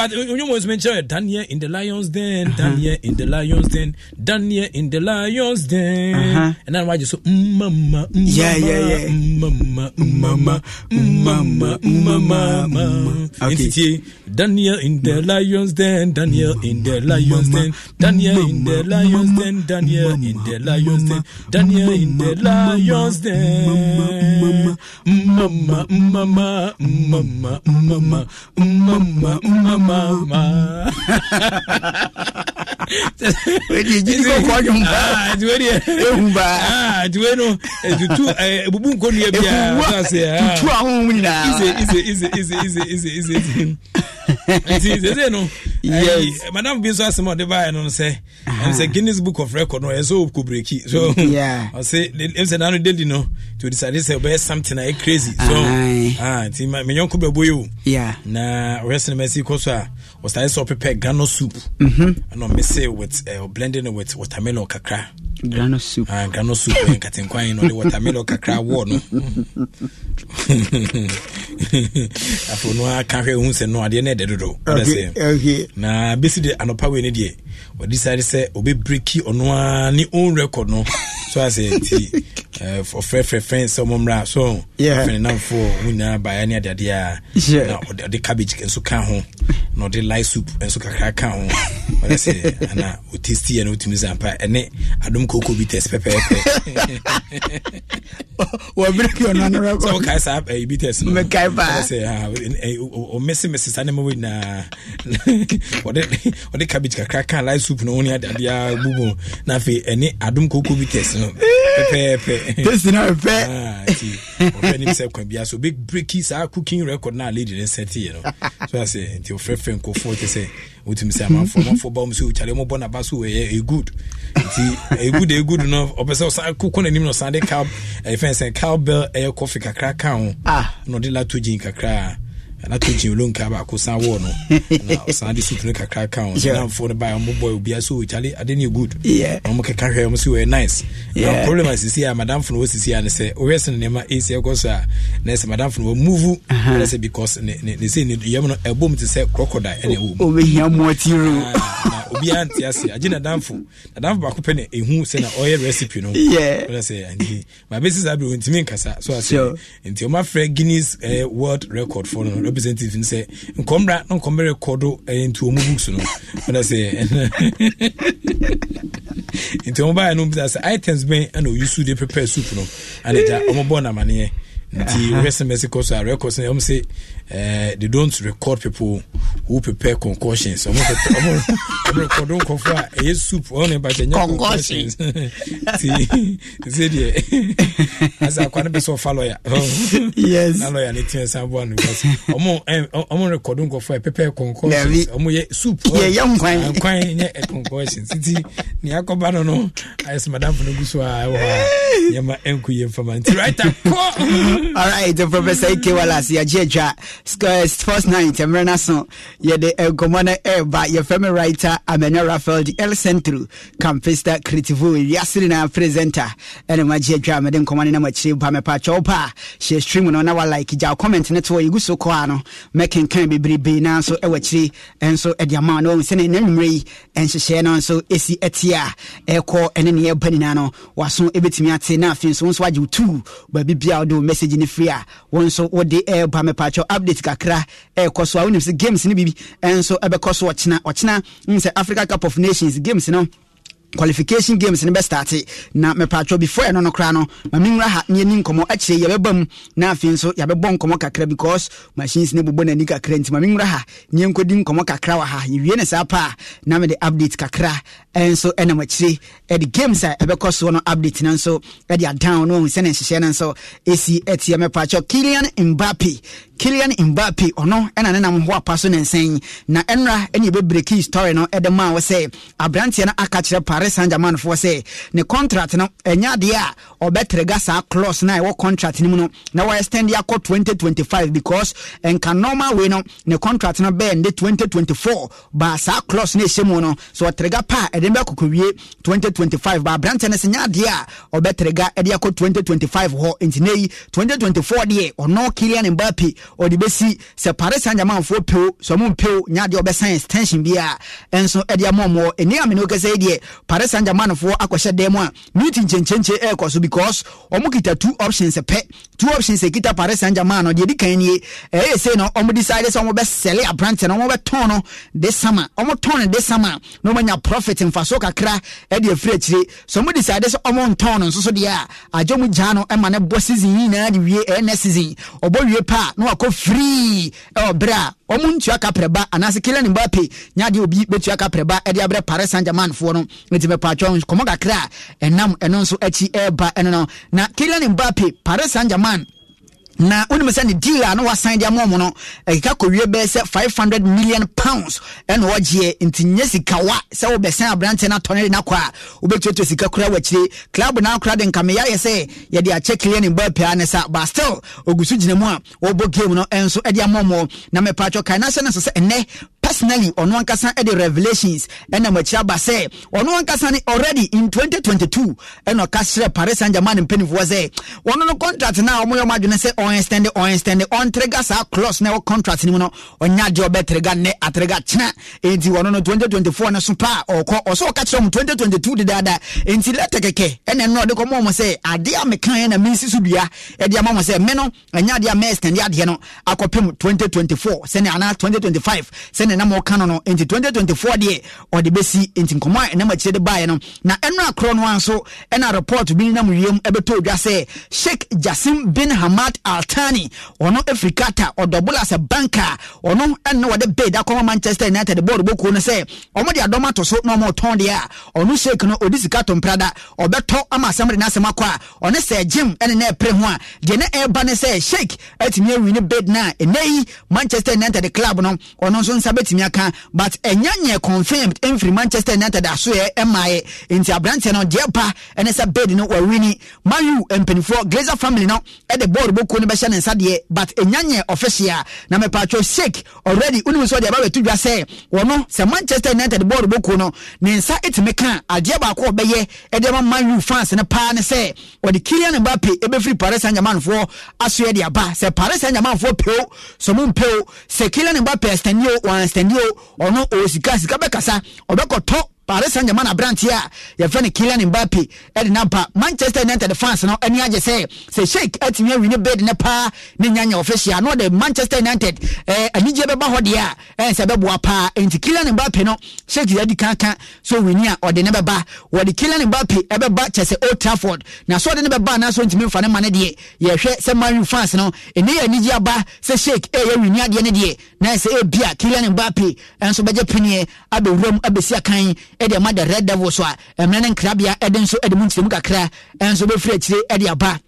onye mo nsume uh-huh. nkyerɛ daniel in the lions den daniel in the lions den daniel in the lions den ɛna wagye so mmama mmama mmama mmama mmama nti Okay. daniel in the lions den daniel in the lions den daniel in the lions den daniel in the lions den daniel in the lions den mmama mmama mmama mama mama mama mama. wedi eji ni kɔkɔ ɔyɔ mba adiwe ni ehu ba adiwe no etutu ebubu nkonu yɛ bia ɔsase tutu ahun nyinaa. ise ise ise ise ise ise ise ise ise ise no yes eh, madam bi nso asɛm a ɔde baeɛ no sɛ ɛm sɛ guinness book of record no ɛsɛ so ɔkɔ breki so ɔsɛ ɛm sɛ naa no deli no nti ɔde sade sɛ ɔbɛyɛ something a ɛyɛ crazy so ah, nti menyɔnko bɛbɔ yi o na ɔyɛ sinima si kɔ so a I so prepare grano soup I mhm. ɛna it with uh, blending it with watermelon kakra grano soup uh, grano soup ɛyɛ nkatenkwan no ɔde watermelon kakra wɔ no afei no aka hwɛ hu sɛ no adeɛ no ɛdɛ dodo ɔdɛ sɛ na bɛsi de anɔpa wei no deɛ wɔde sare sɛ ɔbɛbreki ɔno a ne own record no so I say. Eh, fɛfɛfɛn sɛ ɔmɔmmra so fɛnenamfoɔ mu baeɛ ne adeadeɛ a na ɔde cabbage nso ka ho na ɔde light soup nso kakra ka ho ɔde sɛ ana ɔtestiɛ no wotumi sɛ ampa ɛne adom koko bi test pɛpɛɛpɛ wɔberɛkɛɔnanowokae saa bi test nomekae ɔde cabbage kakra ka light soup no wo adeadeɛ bubu na afei ɛne adom koko bi test no pɛpɛɛpɛ tẹsi náà fẹ. ọfẹ ni sẹ kwan bi a so big breaky saa cooking record náà lady ne sẹ ti yẹ no so a sẹ nti ofẹ fẹ nkọfọ ti sẹ o ti mi sẹ amanfọ amanfọ ba ọmọ sẹ o kyale ọmọ bọ n'aba so ẹ ẹ good nti ẹ good ẹ good no ọpẹ sẹ ọsan kókó n'anim na ọsan de cow ẹ fẹ sẹ cowbell ẹ yẹ kọfí kakra ka ho na ọde lato gin kakra anato gye olonka baako san wɔ no na ɔsan de suit no kakra ka ho namfoɔ no baɛ ɔmobɔ obia sɛ ɔkyale ade ne good na ɔmo keka hwɛ ɔmo sɛ wɔyɛ nice na problem a sisi a madamfo no a ne sɛ wohwɛ sɛ no nneɛma ɛsi ɛkɔ so a na ɛsɛ madamfo no wɔmuvu ɛnɛ sɛ because ne sɛ ne yam no ɛbom te sɛ crocodile ɛne ɛwɔ mu ɔbɛhia mmɔtiro obiara nte ase agye nadamfo nadamfo baako pɛ ne ɛhu sɛ na ɔyɛ recipe no ɛnɛ sɛ babɛsi saa representative n sɛ nkɔmmra na nkɔmmra rekɔdo ɛyɛ ntuomu books no ɔna sɛ ntuomu baayɛ no bisa sɛ items bɛn ɛna oyi su de prepare soup no anagya ɔmo bɔ namaneɛ nti wɛsɛmɛsi kɔ so a rɛkɔ so ɔmo sɛ Eh, they don't record people who prepare concussions. I'm record on kofa a soup on it, but concoctions. See, see, the as I can't be so follow ya. Yes, I know you're not someone because I'm on record on kofa prepare concoctions. I'm ye soup. Yeah, young quine, I'm quine, yeah, concoctions. See, Niakoba no no, I madam for no guswa. Yama enku yemfamanti. Right, all right, the professor Ikewala, see, a first night mmerɛ no so yɛde nkɔmmɔ no ɛba yɛfrɛ me writer amanya rafael de el centro campista critivo wiase na presenter ɛne magye adwa a mede eh, eh, oh, nkɔmmɔ eh, ah. no na makyire ba mepakyɛ wo pa a hyɛ stream no na walike gya comment no to wɔ yɛgu so kɔ a no mɛkenkan bebrebe nanso ɛwɔ akyire ɛnso ɛde ama no sɛne na nwummerɛ yi ɛnhyehyɛ no nso ɛsi ɛte a ɛkɔ ɛne neɛ ɛba nyinaa no waso ɛbɛtumi ate na afei nso wo nso wagye wo tu baabi bia wode wo update kakra ɛkɔ eh, so a wonim sɛ games no biribi eh, nso ɛbɛkɔ so ɔkyena ɔkyena mm, sɛ africa cup of nations games no qualification games no bɛstarte na mepatwɔ before ɛno no koraa no ma menwura ha ne nkɔmmɔ akyire yɛbɛba mu na afei nso yɛbɛbɔ nkɔmmɔ kakra because machines no bobɔ n'ani kakra nti ma ha ne yɛnkɔdi nkɔmmɔ kakra wɔ ha yɛwie ne saa paa na mede update kakra eh, nso ɛnam akyire ɛde games a ɛbɛkɔ soɔ no update no nso ɛde adown no ahu sɛne nhyehyɛ no nso ɛsi ɛtiɛ mepatwɔ kilian mbape Kilian Mbappe ɔno ɛna ne nam hɔ apa so ne nsɛn na ɛnra ɛne yɛbɛbrɛ key story no ɛde maa wɔ sɛ aberanteɛ no aka kyerɛ Paris Saint-Germain foɔ sɛ ne contract no ɛnyɛ adeɛ a ɔbɛtrɛga saa clause no a ɛwɔ contract no mu no na wɔyɛ stand akɔ 2025 because ɛnka normal way no ne contract no bɛɛ nde 2024 ba saa clause no ɛhyɛ mu no so ɔtrɛga pa a ɛde bɛkɔkɔwie 2025 ba aberanteɛ no sɛ nyɛ adeɛ a ɔbɛtrɛga ɛde akɔ 2025 hɔ nti 2024 deɛ ɔno Kilian Mbappe ɔde bɛsi sɛ pare saa nyamanfoɔ pew sɛ ɔmo mpew nya deɛ ɔbɛsan extension bi a ɛnso ɛde ama ɔmo ɛni amene okasa yi deɛ pare saa nyamanfoɔ akɔhyɛ dan mu a meeting nkyenkyenkye ɛɛkɔ so because ɔmo kita two options pɛ two options ekita pare saa nyaman no deɛ di kan nie ɛyɛ sei no ɔmo decide sɛ ɔmo bɛsɛle aberante no ɔmo bɛtɔn no de sama ɔmo tɔn no de sama na ɔmo nya profit mfaso kakra ɛde afiri akyire so ɔmo decide sɛ ɔmo ntɔn no nso so deɛ a agye ɔmo gyaa no ɛma ne bɔ season yinaa de wie ɛyɛ next season ɔbɔ wie paa na wa akɔ free ɛwɔ berɛ a ɔmo ntua kaprɛba anaasɛ kylian mbappe nyaadeɛ obi bɛtua kaprɛba ɛde abrɛ paris saint germain foɔ no nti mɛpaatwa kɔmɔ kakra a ɛnam ɛno nso akyi ɛɛba ɛno no na kylian mbappe paris saint germain na wonim sɛ ne deal a na wasan de ama mu no ɛkeka kɔwie bɛyɛ sɛ 500 million pounds ɛna wɔgyeɛ nti nyɛ sika wa sɛ wobɛsan aberante no atɔne de nakɔ a wobɛtuatua sika kora wakyire club no akora de nka meyɛayɛ sɛ yɛde akyɛ clear ne bɔa paa ne sa but still ɔgu so gyina mu a wɔbɔ game no ɛnso ɛde ama na mepatwɔ kae na hyɛ ne nso sɛ ɛnɛ personally ɔno ankasa de revelations ɛna mɔkyi aba sɛ ɔno ankasa ne already in 2022 ɛna ɔka kyerɛ paris saint germain mpanimfoɔ sɛ ɔno no contract na ɔmo yɛ ɔmo adwene sɛ ɔnstɛnde ɔnstɛnde ɔntrega saa clause na ɛwɔ contract ne mu no ɔnya deɛ ɔbɛtrega nnɛ atrega kyena enti ɔno no 2024 no so paa ɔkɔ ɔsɛ ɔka kyerɛ mu 2022 dedaada enti lɛtɛ kɛkɛ ɛna ɛno ɔde kɔmɔ ɔmo sɛ adeɛ a 2024 2025 ɛna mɔka no no nti 2024 deɛ ɔde bɛsi nti nkɔmmɔ a ɛnam akyire de baeɛ no na ɛno akorɔ no a nso ɛna report bi nam wiem ɛbɛtɔ odwa sɛ sheikh jasim bin hamad altani ɔno ɛfiri kata ɔdɔbola sɛ banka ɔno ɛna wɔde bid akɔma manchester united bɔɔdo bɔkuo no sɛ ɔmo de adɔm ato so na ɔmo tɔn deɛ a ɔno sheikh no ɔde sika to mprada ɔbɛtɔ ama asɛm de n'asɛm akɔ a ɔne sɛ gym ɛne na ɛpere ho a deɛ ne ɛreba ne sɛ sheikh ɛtumi awi ne bid na ɛnɛ yi manchester united club no ɔno nso nsa bɛt atumi aka but ɛnya nyɛ confirmed mfiri manchester united aso yɛ ɛmaeɛ nti aberanteɛ no deɛ pa ɛne sɛ bed no wawini mayu mpanimfoɔ glazer family no ɛde bɔɔl bɔkuo no bɛhyɛ ne nsa deɛ but ɛnya nyɛ official na mepatwo shake already wonim sɛ ɔde aba bɛto dwa sɛ wɔno sɛ manchester united bɔɔl bɔkuo no ne nsa ɛtumi ka adeɛ baako ɔbɛyɛ ɛde ma mayu fans no paa ne sɛ ɔde kilian mbappe ɛbɛfiri paris saint germainfoɔ aso yɛ de aba sɛ paris saint germainfoɔ peo sɛ mo mpeo sɛ kilian mbappe ɛstani o wɔn sɛnde o ɔno o sika sika bɛkasa paris saint germain aberanteɛ a yɛfrɛ no kylian mbappe ɛde naba manchester united fans no ani agye sɛ sɛ sheik atumi awi ne bed ne paa ne nyanya ɔfɛhyia na ɔde manchester united anigyeɛ bɛba hɔ deɛ a ɛn sɛ bɛboa paa nti kylian mbappe no sheik adi kanka so wini a ɔde ne bɛba wɔde kylian mbappe ɛbɛba kyɛ old trafford na so ɔde ne bɛba anaasɛ ntumi mfa ne ma ne deɛ yɛhwɛ sɛ marin fans no ɛne yɛ anigye aba sɛ sheik ɛyɛ wini adeɛ ne deɛ na sɛ ɛbia kylian mbappe ɛnso bɛgye peneɛ abɛwuram abɛsi akan ɛde ama the red devils a ɛmmerɛ eh, ne nkrabea ɛde nso ɛde mu nkyerɛmu kakra ɛnso eh, bɛfiri akyire ɛde aba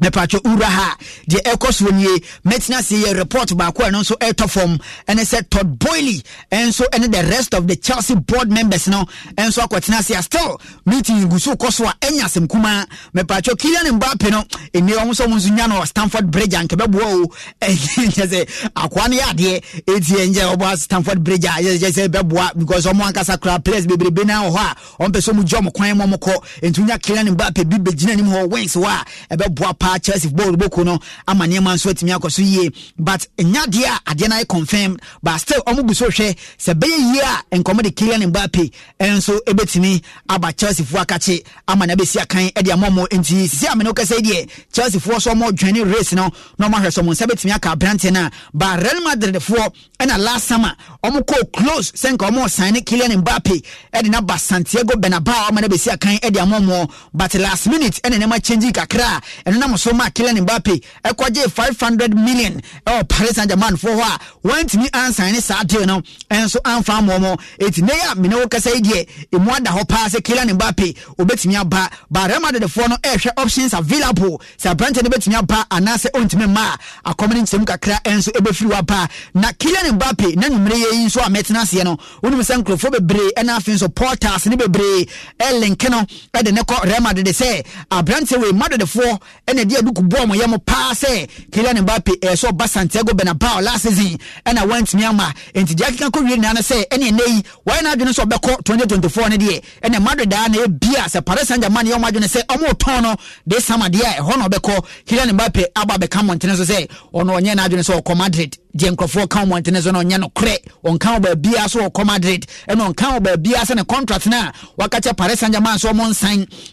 mepatwɛ wura ha deɛ ɛkɔ soɔ nie mɛtena se yɛ report baako a ɛno nso ɛretɔ fam ɛne sɛ tod boily ɛnso ɛne the rest of the chelsea board members no ɛnso akɔtena se a still meeting gu so kɔ so a ɛnya asɛm kumaa mepatwɛ kilian mbape no ɛnne ɔmo sɛ ɔmo nso nya no stanford bridge a nkɛbɛboa o ɛkyɛ sɛ akoa no yɛ adeɛ ɛti ɛnkyɛ ɔbɔ stamford bridge a yɛkyɛ sɛ ɛbɛboa because ɔmo ankasa koraa players bebrebe na wɔ hɔ a ɔmpɛ sɛ ɔmo gya ɔmo kwan ma ɔmo kɔ e nti wonya kilian mbape bi bɛgyina anim hɔ wings hɔ a ɛbɛboa e pa paa chelsea bɔɔl boko no ama nneɛma nso atumi akɔ so yie but ɛnya deɛ a adeɛ no ayɛ confirm but still ɔmo bu so hwɛ sɛ bɛyɛ yie a nkɔmɔ de kylian mbappe nso ebɛtumi aba chelsea foɔ akakye ama na bɛsi akan ɛde ama ɔmo nti sisi amena okasa yi deɛ chelsea foɔ so ɔmo dwene race no na ɔmo ahwɛ so ɔmo nsa bɛtumi aka aberanteɛ no a but real madrid foɔ ɛna last summer ɔmo kɔɔ close sɛ nka ɔmo sign kylian mbappe ɛde na ba santiago bernabeu ama na bɛsi akan ɛde ama ɔmo but last minute ɛna nneɛma change kakra ɛno nam nam so ma Kylian Mbappe ɛkɔgye five hundred million ɛwɔ e, Paris Saint Germain foɔ hɔ a wɔntumi ansan ne saa deal no ɛnso amfa ama wɔn eti ne yɛ a mene wo kasa yi deɛ emu ada hɔ paa sɛ Kylian Mbappe obetumi aba baarɛ ma dedefoɔ no ɛrehwɛ options available sɛ aberante no betumi aba anaasɛ ontumi ma, a akɔm ne nsɛm kakra ɛnso ebɛfiri wɔ aba na Kylian Mbappe na numere yɛ yi nso a mɛtena aseɛ no wɔnum sɛ nkurɔfoɔ bebree ɛna afei nso portals ne bebree ɛlinke no ɛde ne kɔ rɛma dede sɛ aberante wei ma dedefoɔ ɛna de duku bɔɔ mo yɛ mo paa sɛ Kylian Mbappe ɛsɛ eh, ɔba Santiago Bernabeu last season ɛna wantumi ama nti deɛ akeka kɔ wie nyinaa no sɛ ɛne ɛnɛ yi wɔyɛ no sɛ ɔbɛkɔ 2024 no deɛ ɛna Madrid a na ɛbia sɛ Paris Saint-Germain yɛ ɔmo adwene sɛ ɔmo tɔn no de sama deɛ a ɛhɔ na ɔbɛkɔ Kylian Mbappe aba bɛka mmɔntene so sɛ ɔno ɔnyɛ no sɛ ɔkɔ Madrid gye nkurɔfoɔ ka wo mmɔntene so na ɔnyɛ nokorɛ ɔnka wo baabia so wɔkɔ madrid ɛna ɔnka wo baabia sɛ ne contract no a waka kyɛ paris saint germain so ɔmo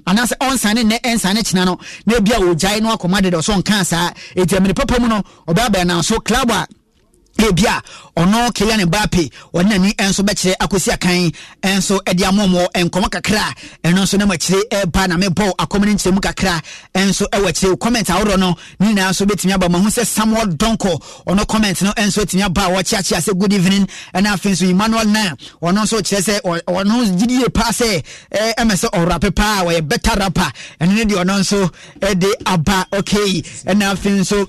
anaasɛ ɔnsan ne nnɛ ɛnsan ne kyena no na ebia ɔgyae no akɔ madrid ɔso ɔnka saa ɛti amene papa mu no ɔbɛabɛɛ nanso club a play bi a ɔno Kylian Mbappe ɔne n'ani nso bɛkyerɛ akɔsi akan nso de amomo nkɔmɔ kakra ɛno nso na makyire ɛba na mebɔ akɔmɔ ne nkyerɛmu kakra nso ɛwɔ akyire comment ahodoɔ no ne nyinaa nso bɛtumi aba mahu sɛ Samuel Donko ɔno comment no nso atumi aba a wɔkyeakyea sɛ good evening ɛna afei nso Emmanuel na ɔno nso kyerɛ sɛ ɔno gyidie paa sɛ ɛmɛ sɛ ɔrape paa wɔyɛ better rapper ɛno ne deɛ ɔno nso de aba okay ɛna afei nso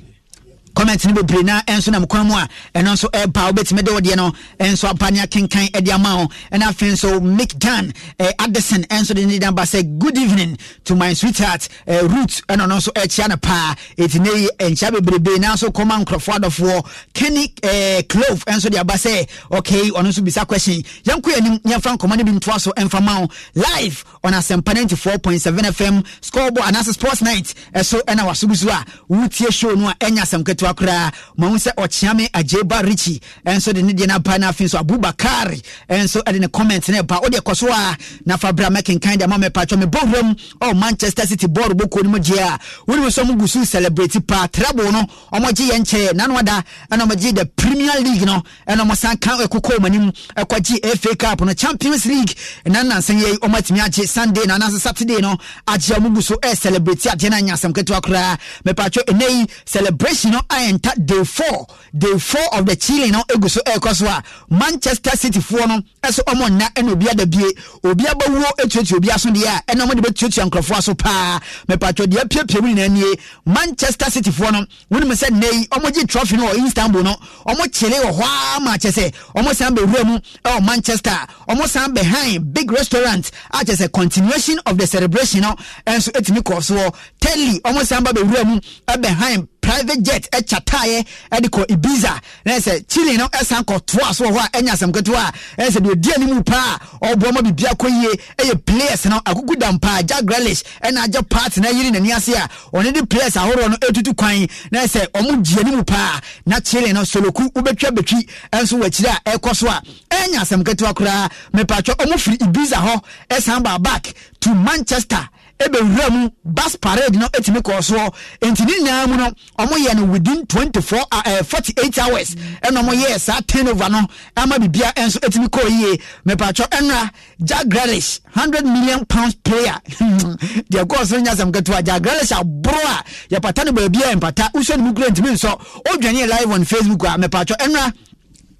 comment no bebree na ɛnso nam kwan mu a ɛno nso ɛba wobɛtumi de wodeɛ no ɛnso apane akenkan de ama wo ɛna afei nso mik dan eh, addison ɛnso de ne daba sɛ good evening to my sweetheart eh, root ɛno no nso ɛkyia no paa ɛti ne yi ɛnkyia bebrebee nanso kɔma nkurɔfoɔ adɔfoɔ kenny eh, clove ɛnso de aba sɛ okay ɔno nso bisa question yɛnkɔ yɛnim yɛmfa nkɔmmɔ no bi ntoa so ɛmfa ma wo live on asɛmpa 94.7 fm scoreboard anaasɛ sports night ɛso ɛna wasobusu a wotie show no a ɛnya asɛm ketewa ketewa koraa mahu sɛ ɔkyeame agyeba richi ɛnso de ne deɛ no aba no afei nso abubakar ɛnso de ne comment no ɛba wodeɛ kɔ so a na fa bra mɛkenkan de ama mɛpatwɔ mebɔwuram ɔ manchester city bɔɔl bɔkuo no mu gye a wonim sɛ ɔmo so celebrate paa trabo no ɔmɔgye yɛ nkyɛɛ nanoada ɛna ɔmɔgye the premier league no ɛna ɔmɔ ka ɛkokɔ ɔm ɛkɔgye fa cup no champions league ɛna nansa yɛ ɔmatumi agye sunday na anaasɛ saturday no agye a so ɛcelebrate adeɛ no anyasɛm ketewa koraa mɛpatwɔ ɛnɛ celebration no a ɛnta day four day four of the chile no egu so ɛrekɔ so a manchester city foɔ no ɛso ɔmo nna ɛna obi adabie obi abawuo etuatua obi aso deɛ a ɛna ɔmo de bɛtuatua nkorɔfoɔ aso paa mɛpatwa deɛ piepie mu nyinaa nie manchester city foɔ no wɔn mu sɛ nne yi ɔmo gye trophy no wɔ istanbul no ɔmo kyele wɔ hɔ ama akyɛ sɛ ɔmo san bɛwura mu ɛwɔ manchester ɔmo san bɛhan big restaurant akyɛ sɛ continuation of the celebration no ɛnso etumi kɔ soɔ tɛli ɔmo san ba bɛwura mu ɛbɛhan private jet ɛkyataeɛ ɛde kɔ ibiza na ɛsɛ chile no ɛsan eh, kɔtoa so wɔ hɔ a ɛnya eh, asɛm ketewa eh, a ɛsɛ deɛ ɔdi anim paa ɔboa ma biribia kɔ yie ɛyɛ players no akuku dam paa jack relish ɛna agya part na yiri n'ani ase a ɔne de players ahoroɔ no ɛtutu kwan na ɛsɛ ɔmo gye anim paa na chile no soloku wobɛtwa bɛtwi ɛnso wɔ akyire a ɛkɔ so a ɛnya asɛm ketewa koraa mepatwɛ ɔmo firi ibiza hɔ ɛsan baa back to manchester ɛbɛwura mu bus parade no ɛtumi kɔɔ soɔ nti ne nyinaa mu no ɔmoyɛ no within 24 uh, 48 hours ɛna ɔmoyɛɛ saa turnover no ama biribia ɛnso ɛtumi kɔɔ yie mepatwɔ ɛnra jack grelish hundred million pounds player deɛ kɔɔ so nyasɛm ketewa jack grelish aboro a yɛpata no baabia ɛmpata wosɛ no mu kura ntimi nsɔ wodwaneɛ live on facebook a mepatwɔ ɛnra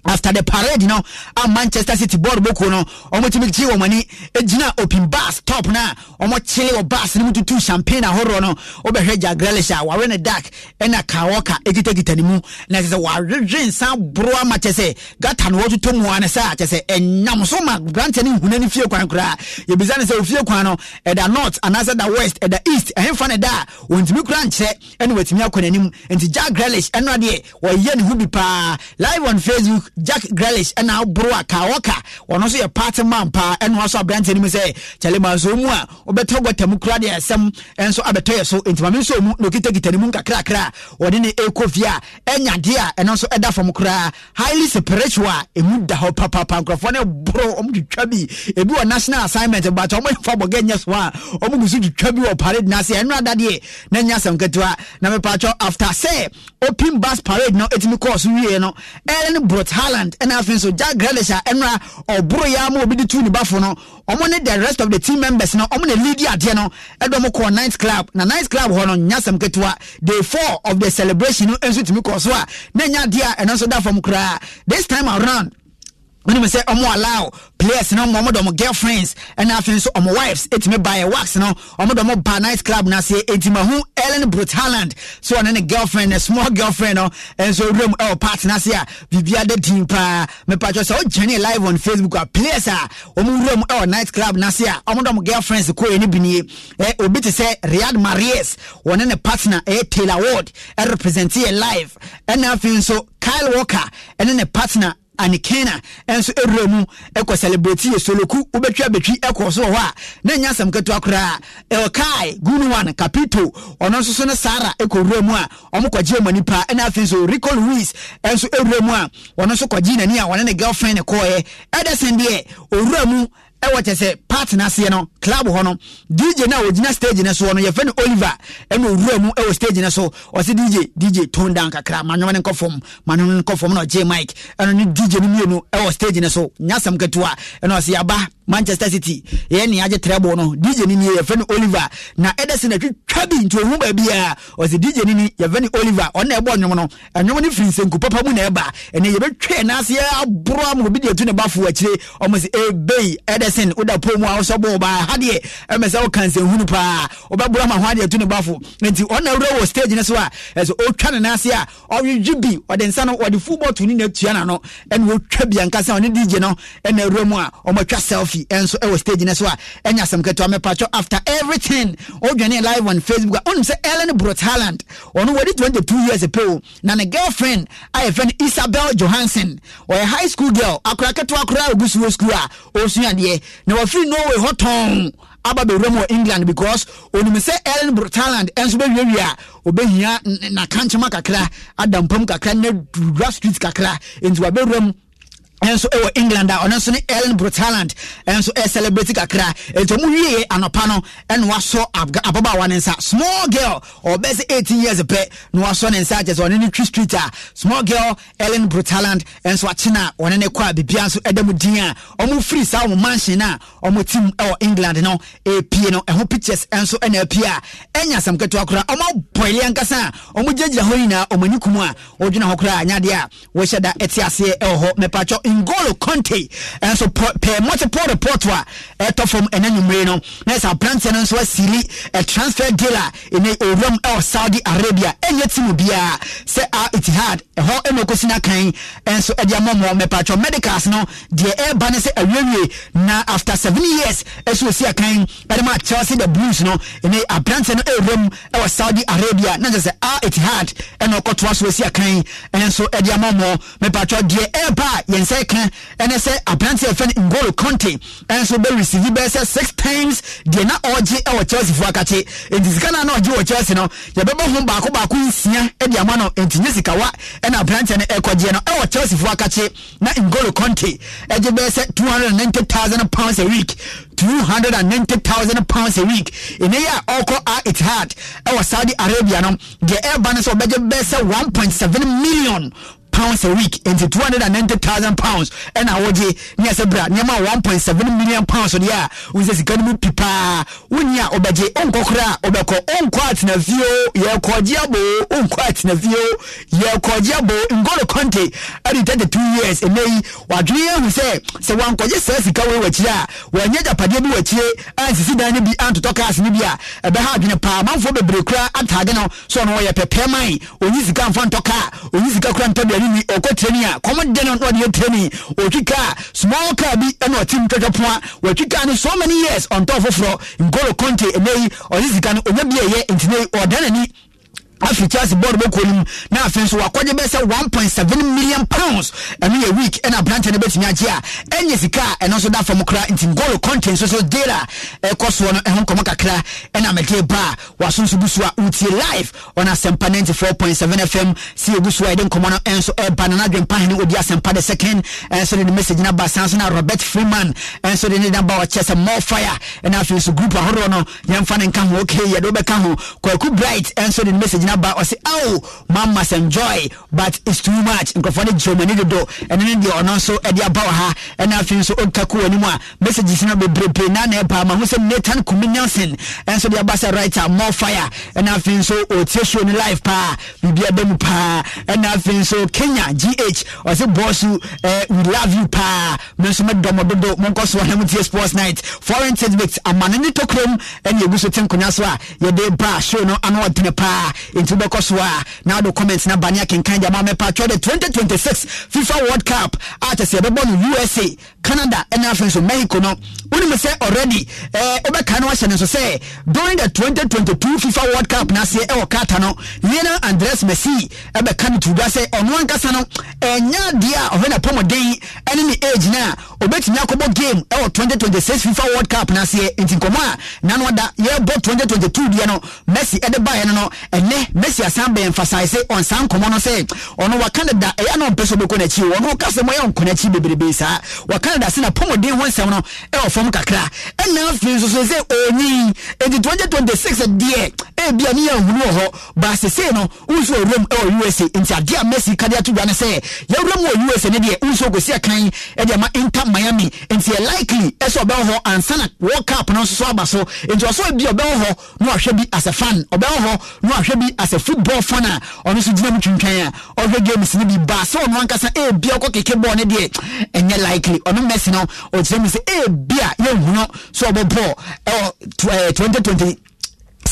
after the parade no a manchester city bɔɔl boko no ɔmotumi gye wɔn ani gyina open bus top na ɔmɔkyele wɔ bus no mu tutu champagne ahoroɔ no wobɛhwɛ gya grelish a ware ne dark ɛna kawɔka ɛkitakita ne mu na kyɛ sɛ waredwe nsa boroa ma kyɛ sɛ gata no wɔtotɔ mu a ne sɛ kyɛ sɛ ɛnyam so ma branteɛ no nhuna no fie kwan koraa yɛbisa ne sɛ ofie kwan no ɛda north anaasɛ da west ɛda east ɛhemfa ne da a wɔntumi kora nkyerɛ ɛne watumi akɔ n'anim nti gya grelish ɛno adeɛ wɔyɛ ne ho bi paa live on facebook jack Grellish ɛna aboro a kawɔka ɔno nso yɛ party man paa ɛna waso aberante no mu sɛ kyɛlɛmanso mu a wobɛtɔ gbɔtamu kora deɛ ɛsɛm ɛnso abɛtɔ yɛ so nti mame nso mu na okitakita ne mu nkakrakra a ne ɛkɔ fie ɛnya deɛ a nso ɛda fam koraa highly spiritual a ɛmu da hɔ papapa nkurɔfoɔ no boro ɔmdwitwa bi ebi wɔ national assignment but ɔmfa bɔgɛ nyɛ so a ɔmo gu so twitwa bi wɔ parade no ase ɛno adadeɛ na nya asɛm ketewa na mepatwɔ after say open bus parade na ɛtumi kɔɔ so wie no ɛne brotha Haaland ɛna afei nso Jack Grealish a ɛnura ɔboro yɛ ama obi de tu ne bafo no wɔn ne the rest of the team members no wɔn na leadi adeɛ no ɛdɔm kɔ ninth club na ninth club hɔ no nya asɛm ketewa day four of the celebration no nso tumi kɔ so a na nya adeɛ a ɛno nso da fam koraa this time around wọ́n mu sɛ ɔmo allow players na ɔmo dɔm girlfriends ɛna afei nso ɔmo wives etimi ba yɛ wax no ɔmo dɔm ba night club na se etima ho Ellen Brut Haaland so ɔne ne girlfriend ne small girlfriend no nso ewuram ɛwɔ party na se a bibi ada din paa mepatwa sɛ ɔgyɛne live on Facebook a ah, players a ah, ɔmo wuram ɛwɔ eh, oh, night club na se a ah, ɔmo dɔm girlfriends kɔ yɛ ne bi nie eh, ɛ obi te sɛ Riyad Mahrez ɔne ne partner ɛyɛ eh, Taylor Ward ɛrepresent yɛ live ɛna afei nso Kyle Walker ɛne ne partner ane kena nso ɛwura mu ɛkɔ celebrate yɛ soloku wobɛtwa bɛtwi ɛkɔ so wɔ hɔ a na ɛnyɛ asɛm ketewa koraa elkai gunuan capito ɔno nso so ne sara ɛkɔwura mu a ɔmo kɔgyee ma nipa ɛna afei nso rico louis nso ɛwura mu a ɔno nso kɔgyee n'ani a ɔne ne girlfriend kɔɔɛ ɛdɛsen deɛ owura mu ɛwɔ kyɛ sɛ partner aseɛ no club hɔ no dj no a ɔgyina stage no soɔ no yɛfɛ no oliver ɛna ɔwura mu ɛwɔ stage no so ɔsɛ dj dj tone down kakra manwoma no nkɔ fam manwoma no nkɔ fam na ɔgye mic ɛno ne dj no mmienu ɛwɔ stage no so nyasɛm ketewa ɛna ɔsɛ yɛaba manchester city yɛn ni agye trɛbo no dj ni ni yɛfɛ no oliver na edison atwitwa bi nti ohun baabi a ɔsi dj ni ni yɛfɛ no oliver ɔna ɛbɔ ɔnwom no ɛnwom no firi nsenku papa mu na ɛba ɛnna yɛbɛtwa n'ase aboro ama obi de etu ne ba fo akyire ɔmo si ebei edison oda pole mu a ɔsɔ bɔ ɔbaa ha deɛ ɛmɛ sɛ ɔka nsenhunu paa ɔbɛboro ama ho adeɛ etu ne ba fo nti ɔna ewura wɔ stage ne so a ɛsɛ ɔtwa ne n'ase a ɔregye bi ɔde nsa no ɔde football tu ne na etua n'ano ɛna ɔtwa bi ankasa ɔne dj no ɛna ewura mu a ɔmo atwa afi nso ɛwɔ stage no so a ɛnya asɛm ketewa mɛpatwɔ after everything wodwane live on facebook a wonim sɛ ellen brot harland ɔno wɔde two years pɛ o na ne girlfriend a yɛfrɛ no isabel johansen ɔyɛ high school girl akora ketewa koraa ɔgu suo school a ɔsuadeɛ na wɔfiri norway hɔ tɔn aba bɛwura mu wɔ england because onim sɛ ellen brutaland nso bɛwiewie a obɛhia nakankyema kakra ada mpam kakra na dura street kakra enti wabɛwura mu nso ɛwɔ england a ɔno nso ne ellen brutaland nso ɛcelebrate e kakra ɛnti ɔmo wie anɔpa no ɛna wasɔ ababaawa ne nsa small girl ɔbɛ sɛ 18 years pɛ na wasɔ ne nsa kyɛ sɛ ɔne ne twi street a small girl ellen brutaland nso akyena a ɔne ne kɔ a biribia nso ɛda mu din a ɔmo firi saa ɔmo mansion a ɔmo tim ɛwɔ england no ɛpie no ɛho pictures nso ɛna apie a ɛnya asɛm ketewa koraa ɔmo bɔile ankasa a ɔmo gyinagyina hɔ nyinaa ɔmo ani kum a ɔdwina hɔ koraa anyadeɛ a wɔhyɛ da ɛte aseɛ ɛwɔ hɔ mɛpatwɔ Ngolo Conte nso per multiple report a ɛtɔ fam ɛnɛ nwumire no na ɛsɛ aberanteɛ no nso asiri ɛ transfer deal a ɛnɛ owuram ɛwɔ Saudi Arabia ɛnyɛ ti mu biara sɛ Al Ittihad ɛhɔ ɛna okosi n'akan ɛnso ɛde ama wɔn mɛpatwɔ medicals no deɛ ɛreba ne sɛ awiewie na after seven years ɛso osi akan ɛde ma Chelsea the Blues no ɛnɛ aberanteɛ no ewuram ɛwɔ Saudi Arabia na kyerɛ a Al Ittihad ɛna ɔkɔtoa so osi akan ɛnso ɛde ama wɔn mɛpatwɔ deɛ ɛreba yɛn sɛka ɛne sɛ aberanteɛ fɛ no ngolo conte ɛnso bɛreceive bɛɛ sɛ six times deɛ na ɔgye ɛwɔ chelsea foɔ akakye enti sika no a na ɔgye wɔ chelsea no yɛbɛbɔ ho baako baako nsia de ama no enti nye sikawa ɛna aberanteɛ no ɛkɔgyeɛ no ɛwɔ chelsea foɔ akakye na ngolo conte ɛgye bɛɛ sɛ thousand pounds a week Two hundred ninety thousand pounds a week. In a year, Oko are it hard. Our Saudi Arabia, no, the air ban is one point seven million pounds a week nti 290,000 pounds and ninety thousand pounds ɛna wɔgye ne ɛsɛ bra nneɛma one point seven million pounds deɛ a wɔn sɛ sika no mu pi paa wɔnyi a ɔbɛgye ɔnkɔ koraa ɔbɛkɔ ɔnkɔ atena fie yɛkɔ gye abo ɔnkɔ atena fie yɛkɔ gye abo ngolo kante ɛde thirty two years ɛnɛ yi wadwene yɛn We sɛ sɛ wankɔgye saa sika wɔ wɔkyi a wɔnyɛ japadeɛ bi wɔkyi ansisi dan no bi antotɔ cars no bi a ɛbɛha adwene paa amanfoɔ bebree koraa ataade no sɛ ɔno wɔyɛ pɛpɛɛ man onyi sika mfa ntɔ kaa onyi sika koraa ntɔ deɛ tumi ɔkɔ training a kɔm de no na ɔde yɛ training ɔtwi ah, kaa ah, small car bi ɛna ɔtim twɛtwɛ poa wɔtwi kaa no so many years ɔntɔ foforɔ nkolo conte ɛnɛ yi ɔde sika no ɔnya bi ɛyɛ ntinɛ yi ɔda n'ani afiri chelsea bɔɔl bɛ kɔn mu na afei nso wakɔgye bɛ sɛ one point seven million pounds ɛno yɛ week ɛna aberante no bɛtumi agye a ɛnyɛ sika a ɛno nso da fam kora nti goal content nso so dera ɛkɔ soɔ no ɛho nkɔmɔ kakra ɛna mɛde ba a wasonso gu so a wotie live ɔn asɛmpa ninety four point seven fm si egu so a yɛde nkɔmɔ no ɛnso ɛba na n'adwe mpa hene odi asɛmpa the second ɛnso de ne message na ba san so na robert freeman ɛnso de ne namba ɔkyɛ sɛ more fire ɛna afei nso group ahorow no yɛmfa ne nka ho okay yɛde wobɛka ho kwaku bright ɛnso de ne message na aba ɔsɛ ao ma must enjoy but it's too much nkurɔfoɔ no gye ɔmani dodo ɛno ne deɛ ɔno nso de aba wɔ ha ɛna afei nso ɔka ko anim a messages no bebrebe na na ɛpaa ma ho sɛ nathan kumi nelson ɛnso de aba sɛ writer more fire ɛna afei nso ɔtie show no live paa biribia da mu paa ɛna afei nso kenya gh ɔsɛ bɔsu eh, we love you paa me nso medɔ mɔ dodo monkɔ so ɔna mu tie sports night foreign tidbits amane ne tokrom ɛne ɛgu so te nkonnwa so a yɛde ba show no ano ɔdene paa nti wobɛkɔ so a na wode comment na bane akenkan de ama mɛpa twerɛ de 2026 fifa world cup a kyɛ sɛ yɛbɛbɔ no usa canada ɛna afei nso mexico no wonim sɛ already wobɛka eh, no wahyɛ ne nso sɛ during the 2022 fifa world cup no eh, aseɛ ɛwɔ kata no lionel andres messi ɛbɛka no turuda sɛ ɔno ankasa no ɛnyɛ eh, adeɛ a ɔhwɛ ne apɔmɔden ɛne ne age no a obɛtumi akɔbɔ game ɛwɔ 2026 fifa world cup no aseɛ nti nkɔmmɔ a nanoada yɛbɔ 2022 deɛ no messi ɛde baeɛ no no ɛnɛ bɛsi asan bɛn fasae sɛ ɔnsan nkɔmɔ no sɛ ɔno wa canada ɛyɛ na ɔmpɛ so bɛkɔ n'akyi o ɔno kasa mu ɛyɛ nkɔ n'akyi bebrebe saa wa canada sɛ na pɔmɔden ho nsɛm no ɛwɔ fam kakra ɛna afei nso so sɛ onyi eti twenty twenty six deɛ ebi a ne yɛ nhunu wɔ hɔ baasi sɛ no nso ewuram ɛwɔ usa nti adeɛ a messi kadi ato dwa ne sɛ yɛwuram wɔ usa ne deɛ nso gosi ɛkan ɛde ama inter miami nti yɛ e likely ɛsɛ e ɔbɛn hɔ ansana world cup no nso so aba so nti ɔsɔ ebi ɔbɛn hɔ na ɔhwɛ bi as a fan ɔbɛn hɔ na ɔhwɛ bi as a football fan a ɔno nso gyina mu twintwan a ɔhwɛ games no bi baa sɛ ɔno ankasa ebi eh, ɔkɔ keke bɔɔl no deɛ ɛnyɛ likely ɔno mɛsi no ɔkyerɛ mu sɛ ebi eh, a yɛhunu sɛ ɔbɛ bɔɔl ɛwɔ eh, twenty twenty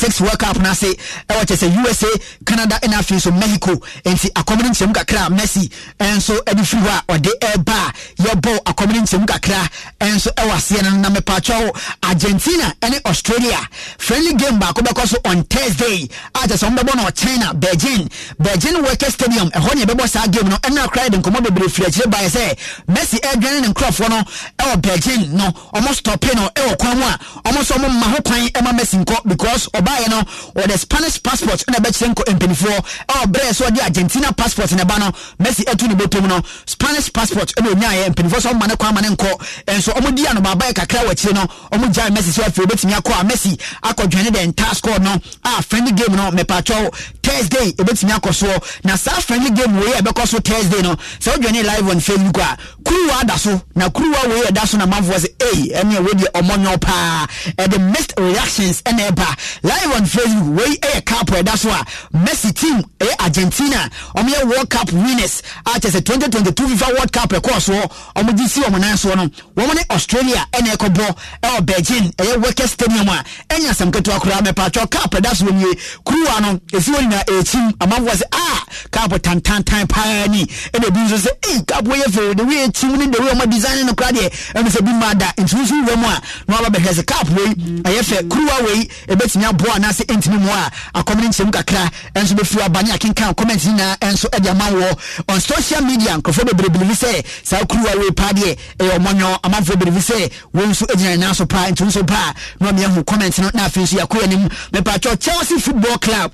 six world cup na ase ɛwɔ kyɛ sɛ usa canada ɛna afei so mexico nti akɔmene nkyɛm kakra messi nso ɛde firi hɔ a ɔde ɛreba a yɛbɔ akɔmene nkyɛm kakra nso ɛwɔ aseɛ no na mepatwɛw argentina ɛne australia friendly game baako bɛkɔ so on thursday a kyɛ sɛ wɔmbɛbɔ no china beijing beijing worker stadium ɛhɔ ne yɛbɛbɔ saa game no ɛna akora yɛde nkɔmmɔ bebree firi akyire baeɛ sɛ messi ɛdwane ne nkurɔfoɔ no ɛwɔ beijing no ɔmo stɔpe no ɛwɔ kwan mu a ɔmo nso ɔmo mma ho kwan ɛma messi nkɔ because ɔba ɔbaeɛ no wɔde spanish passport na ɛbɛkyerɛ nkɔ mpanimfoɔ ɛwɔ berɛ sɛ ɔde argentina passport na ɛba no messi atu ne bɔtom no spanish passport na ɔnyaeɛ mpanimfoɔ sɛ ɔma ne kwan ma ne nkɔ nso ɔmodi anobabaeɛ kakra wɔ akyire no ɔmo gyae messi sɛ afei wobɛtumi akɔ a messi akɔdwene dɛ ntaa score no a friendly game no mepatwɛw thursday ɛbɛtumi akɔ soɔ na saa friendly game wei a ɛbɛkɔ so thursday no sɛ wodwane live on facebook a kuruwa da so na kuruwa wei ɛda so na manfoɔ sɛ ei ɛneɛ wei deɛ ɔmɔnyɔ paa ɛde mist reactions ɛna ɛba live live on facebook wei yɛ cup ɛda so a messi team ɛyɛ eh, argentina ɔmoyɛ world cup winners a kyɛ sɛ 2022 fifa world cup ɛkɔɔ soɔ ɔmogye si ɔmo nan soɔ no wɔm ne australia ɛna ɛkɔbɔ ɛwɔ belgium ɛyɛ workers stadium a ɛnya asɛm ketewa koraa mɛpaatwɛ cup ɛda so nie kuruwa no ɛsi wɔ nyinaa ɛkyim amanfoɔ sɛ ah cup tantantan paa ni ɛna ebi eh, nso sɛ ei cup wɔyɛ fɛ de wei ɛkyim ne de wei ɔmo design no koraa deɛ ɛno sɛ bi mmaa da ntunsun wɔ mu a na wɔaba bɛhwɛ sɛ cup wei ɛyɛ fɛ kuruwa wei ɛbɛtumi abɔ aboa anaasɛ ɛntimi mmoa a akɔm no nkyɛmu kakra ɛnso bɛfiri abane akenka comment nyinaa ɛnso ɛde ama wɔ on social media nkurɔfoɔ bebrebelebi sɛ saa kuruwa wei paa deɛ ɛyɛ ɔmɔnwɔ amanfoɔ belebi sɛ wɔn nso gyina nyinaa so paa nti nso paa na ɔmeahu comment no na afei nso yɛakɔ yɛnim mepatwɔ chelsea football club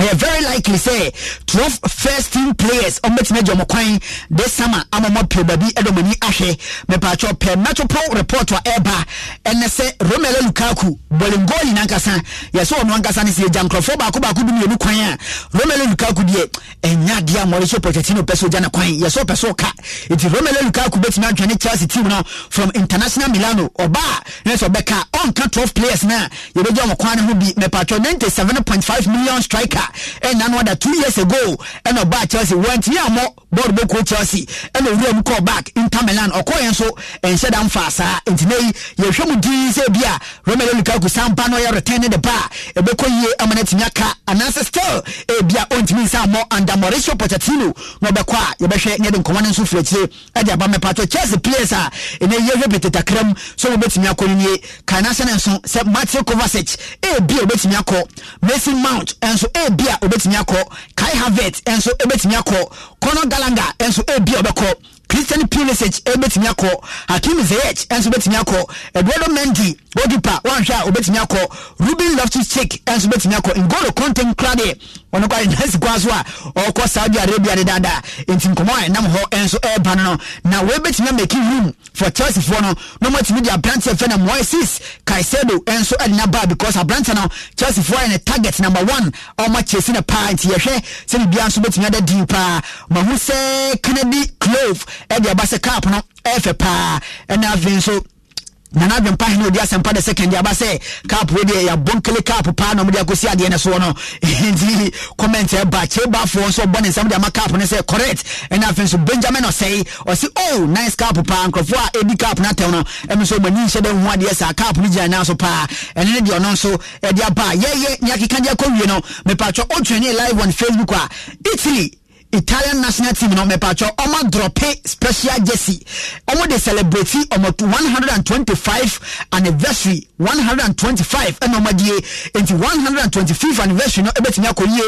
ɛyɛ very likely sɛ twelve first team players ɔmɛtumi agya ɔmo kwan this summer ama ɔmo apio baabi ɛdɛ ɔmo ani ahwɛ mɛpaatwɛ pɛ metropol report a ɛɛba ɛnɛ sɛ romelu lukaku bɔlingoli nankasa yɛsɛ ɔno ankasa ne sɛ yɛgya nkurɔfoɔ baako baako bi mmienu kwan a romelu lukaku deɛ ɛnya adeɛ a mauricio pochettino pɛ sɛ ɔgya ne kwan yɛsɛ ɔpɛ sɛ ɔka eti romelu lukaku bɛtumi atwɛne chelsea team no from international milano ɔbaa ne sɛ ɔbɛka ɔnka twelve players na yɛbɛgya ɔmo kwan ne ho bi mɛpaatwɛ ninety seven point five million striker ɛnya no ɔda two years ago ɛna ɔbaa chelsea wɔntumi ammɔ bɔɔl bɛkɔ chelsea ɛna owura mu kɔɔ back inter milan ɔkɔɔ yɛn so ɛnhyɛ da mfa saa nti na yi yɛhwɛ mu dii sɛ bi a romelu lukaku sampa no ɔyɛ return ne de ba a ɛbɛkɔ yie ama no atumi aka anaasɛ still ebi a ɔntumi nsa ammɔ under mauricio pochettino na ɔbɛkɔ a yɛbɛhwɛ ne de nkɔmɔ no nso firi akyire ɛde aba mɛpato chelsea players a ɛnɛ yɛhwɛ petetakrɛm sɛ wɔbɛtumi akɔ no nie kae na hyɛ ne nso sɛ matthew kovacic ebi a wɔbɛtumi akɔ mason mount nso ebi ebi a obetumi akɔ kai havert nso ebetumi akɔ conor gallagher nso ebi a ɔbɛkɔ christian pulisic ebetumi akɔ hakim ziyech nso betumi akɔ eduardo mendy goalkeeper wanhwɛ a obetumi akɔ ruben loftus cheek nso betumi akɔ ngolo content kura deɛ ɔno kɔ anyasi kwa so a ɔkɔ saudi arabia de daadaa nti nkɔmɔ a ɛnam hɔ nso ɛreba no no na wɔbɛtumi amaki room for chelseafoɔ no na ɔmatumi de aberanteɛ fɛ na moises kaisedo nso ɛde no baa because aberanteɛ no chelseafoɔ ayɛ e ne target number one a ɔma kyesi paa nti yɛhwɛ sɛ biribia nso bɛtumi ada din paa mahu sɛ kennedy clove ɛde e aba sɛ cap no ɛfɛ e paa ɛna afei nso nana adwempa hene odi asɛmpa de second aba sɛ cap wei deɛ yɛbɔnkele cap paa na ɔmde akɔsi adeɛ no soɔ no nti comment ɛba kyebafoɔ nso ɔbɔ ne nsɛm de ama cap no sɛ correct ɛna afei nso benjamin ɔsɛe ɔse oh nice cap paa nkurɔfoɔ a ɛdi cap no atɛw no ɛm nso ɔmani nhyɛ dɛ ho adeɛ saa cap no gyina naa so paa ɛne ne deɛ ɔno nso ɛde aba yɛyɛ ne akeka deɛ akɔwie no mepatwɔ ɔtwene live on facebook a italy italian national team no mepatwɛ ɔma drɔpe special jersey ɔmo de celebrate ɔmo 125 anniversary 125 ɛna ɔmo adie nti 125 anniversary no ɛbɛtumi akɔ yie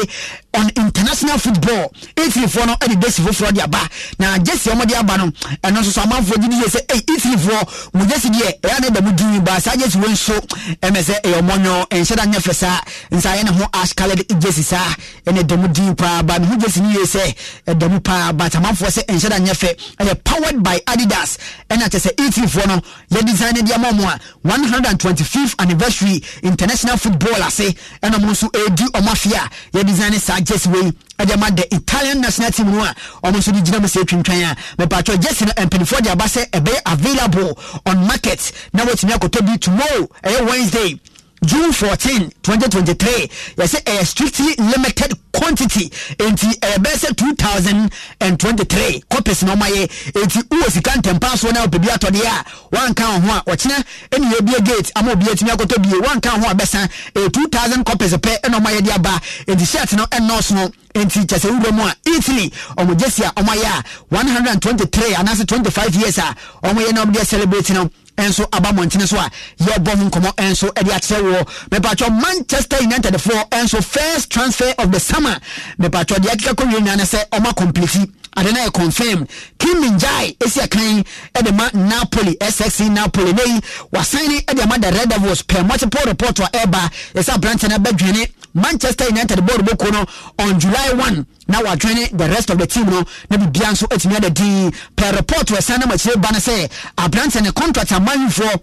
on international football italifoɔ e no ɛde desi foforɔ de aba na jersey ɔmo de aba no ɛno nso so amanfoɔ gyi yie sɛ ɛy italifoɔ e mo jersey deɛ ɛyɛ ne dɛm dun ba saa jersey wo nso ɛmɛ sɛ ɛyɛ ɔmo nyɔ ɛnhyɛ da nyɛ fɛ saa nsa yɛ ne ho ash coloured jersey saa ɛne dɛm dun paa ba ne ho jersey yie sɛ ɛda mu paa but amanfoɔ sɛ nhyɛ da nyɛ fɛ ɛyɛ powered by adidas ɛna kyɛ sɛ etifoɔ no yɛ design deɛ ma ɔmo a twenty-fifth anniversary international football ase ɛna ɔmo nso ɛredi ɔmo afi a yɛ design saa jersey wei ɛde ma the italian national team no a ɔmo nso de gyina mu sɛ etwintwan a mɛpatwɛ jersey no mpanimfoɔ de aba sɛ ɛbɛyɛ available on market na wɔtumi akɔtɔ bi tomorrow ɛyɛ wednesday june fourteen, twenty 14 2023 yɛsɛ ɛyɛ strictly limited quantity enti ɛyɛ bɛyɛ sɛ three copies na ɔma yɛ enti wowɔ sika ntɛmpa soɔ na wopɛbi atɔdeɛ a wanka wo ho a ɔkyena ɛne yɛbie gate ama obi atumi akɔtɔ bie wanka wo ho a bɛsa ɛyɛ 2000 copies pɛ ɛna ɔma yɛde aba enti hyɛt no ɛnnɔɔso no nti kyɛsɛ wura mu a italy ɔmo gyesi a hundred ayɛ a 123 anaasɛ five years a ah, ɔmo yɛ na ɔmo deɛ celebrate no nso aba mmɔntene so a yɛbɔ ho nkɔmmɔ nso de akyerɛ wɔ mepatwɔ manchester united foɔ nso first transfer of the summer mepatwɔ deɛ akeka kɔ wie nyinaa ne sɛ ɔma complete ade no yɛ confirmed kim minjai ɛsi akan ɛde ma napoli ssc napoli na yi wasan ne ɛde ama the red devils pɛ multiple report a ɛba yɛsɛ aberante no bɛdwene manchester united board bɛko no on july 1 na wadwene the rest of the team no na biribia nso atumi ada dii pɛ report wɔsan no makyire ba no sɛ aberante ne contract amahwifoɔ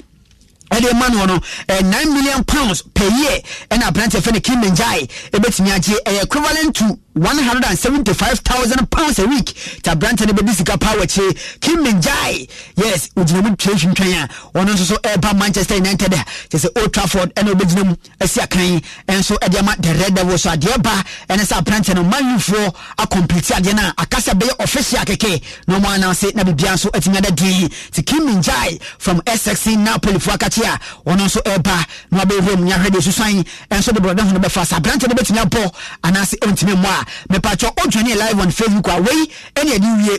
ɛde ma no no nine million pounds per year ɛna aberante fɛ no kimenjae ɛbɛtumi agye ɛyɛ equivalent to 175,000 pounds a week Ta aberante no bɛdi sika paa wɔkye kimenjae yes ogyina mu twɛn twɛn a ɔno nso so ɛreba manchester united a kyɛ sɛ old trafford ɛna ɔbɛgyina mu ɛsi akan ɛnso ɛde ama the red devils so adeɛ ba ɛne sɛ aberante no man yifoɔ akɔmpliti adeɛ no a akasa bɛyɛ official kɛkɛ na ɔmo anansi na biribiara nso atumi ada dii ti kimenjae from essex napoli fo akakye nti a ɔno nso ɛba na wabɛwura mu nyahwɛ deɛ susan ɛnso de borɔdɛ ho no bɛfa sa aberante no bɛtumi abɔ anaasɛ ɔntumi mmɔ a mepatwɔ ɔdwane live on facebook a wei ɛne ɛde wie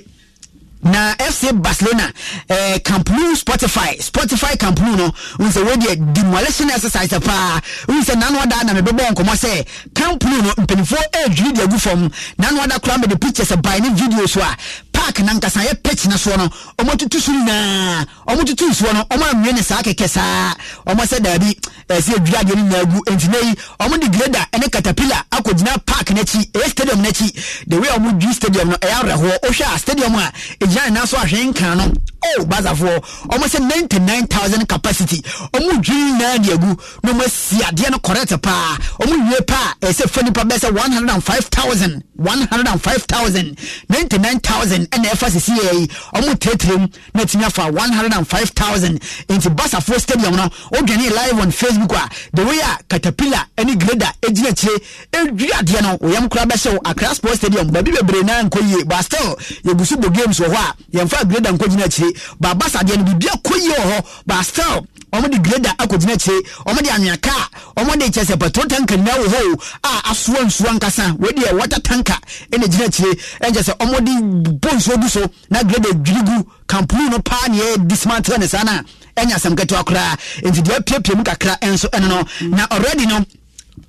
na fc barcelona eh, camp nou spotify spotify camp nou no n sɛ wɔdeɛ demolition exercise paa n sɛ nanoada na mebɛbɔ nkɔmmɔ sɛ camp nou no mpanimfoɔ ɛredwiri eh, de agu fam nanoada koraa mede pictures bae ne video so a park na nkasa yɛ pitch no soɔ no ɔmɔtutu so nyinaa ɔmɔtutu nsuo no ɔmɔ amue ne saa kɛkɛ saa ɔmɔ sɛ daabi ɛsɛ eh, adwiri e adeɛ no nyinaa gu ntina yi ɔmɔ de greda ne katapila akɔgyina park n'akyi ɛyɛ eh, stadium n'akyi the way ɔmɔ dwi stadium no ɛyɛ awerɛhoɔ wohwɛ a stadium a gyan na so ahwɛ nkan no oh bazafoɔ ɔmo sɛ ninety nine thousand capacity ɔmo dwiri naa de agu na ɔmo asi adeɛ no correct paa ɔmo wie paa ɛsɛ fɛ nipa bɛsɛ one hundred and five thousand one hundred and five thousand ninety nine thousand ɛna ɛfa sisi yɛ yi ɔmo tiretire na tìmi afa one hundred and five thousand nti basafoɔ stadium no ɔdwani live on facebook a ah. the way ah, a caterpillar ɛne grader egyina akyire edwi adeɛ no oyam kura bɛhyɛ o akra sports stadium baabi bebree naa nkɔ yie but still yɛgu so bɔ games wɔ hɔ a yɛnfa grader nkɔ gyina akyire baaba sadeɛ no biribi akɔ yie wɔ hɔ but still wɔn de greda akɔgyina akyire wɔn de anwea kaa wɔn de kyɛ sɛ petrol tanka nyinaa wɔ hɔ o a asoa nsuo ankasa wɔde water tanka ɛna gyina akyire ɛnkyɛ sɛ wɔn de bɔ nsuo gu so na greda dwiri gu kampuni no paa na yɛ dismantle ne saa na ɛnya asɛm ketewa koraa nti deɛ mu kakra ɛnso ɛno na already no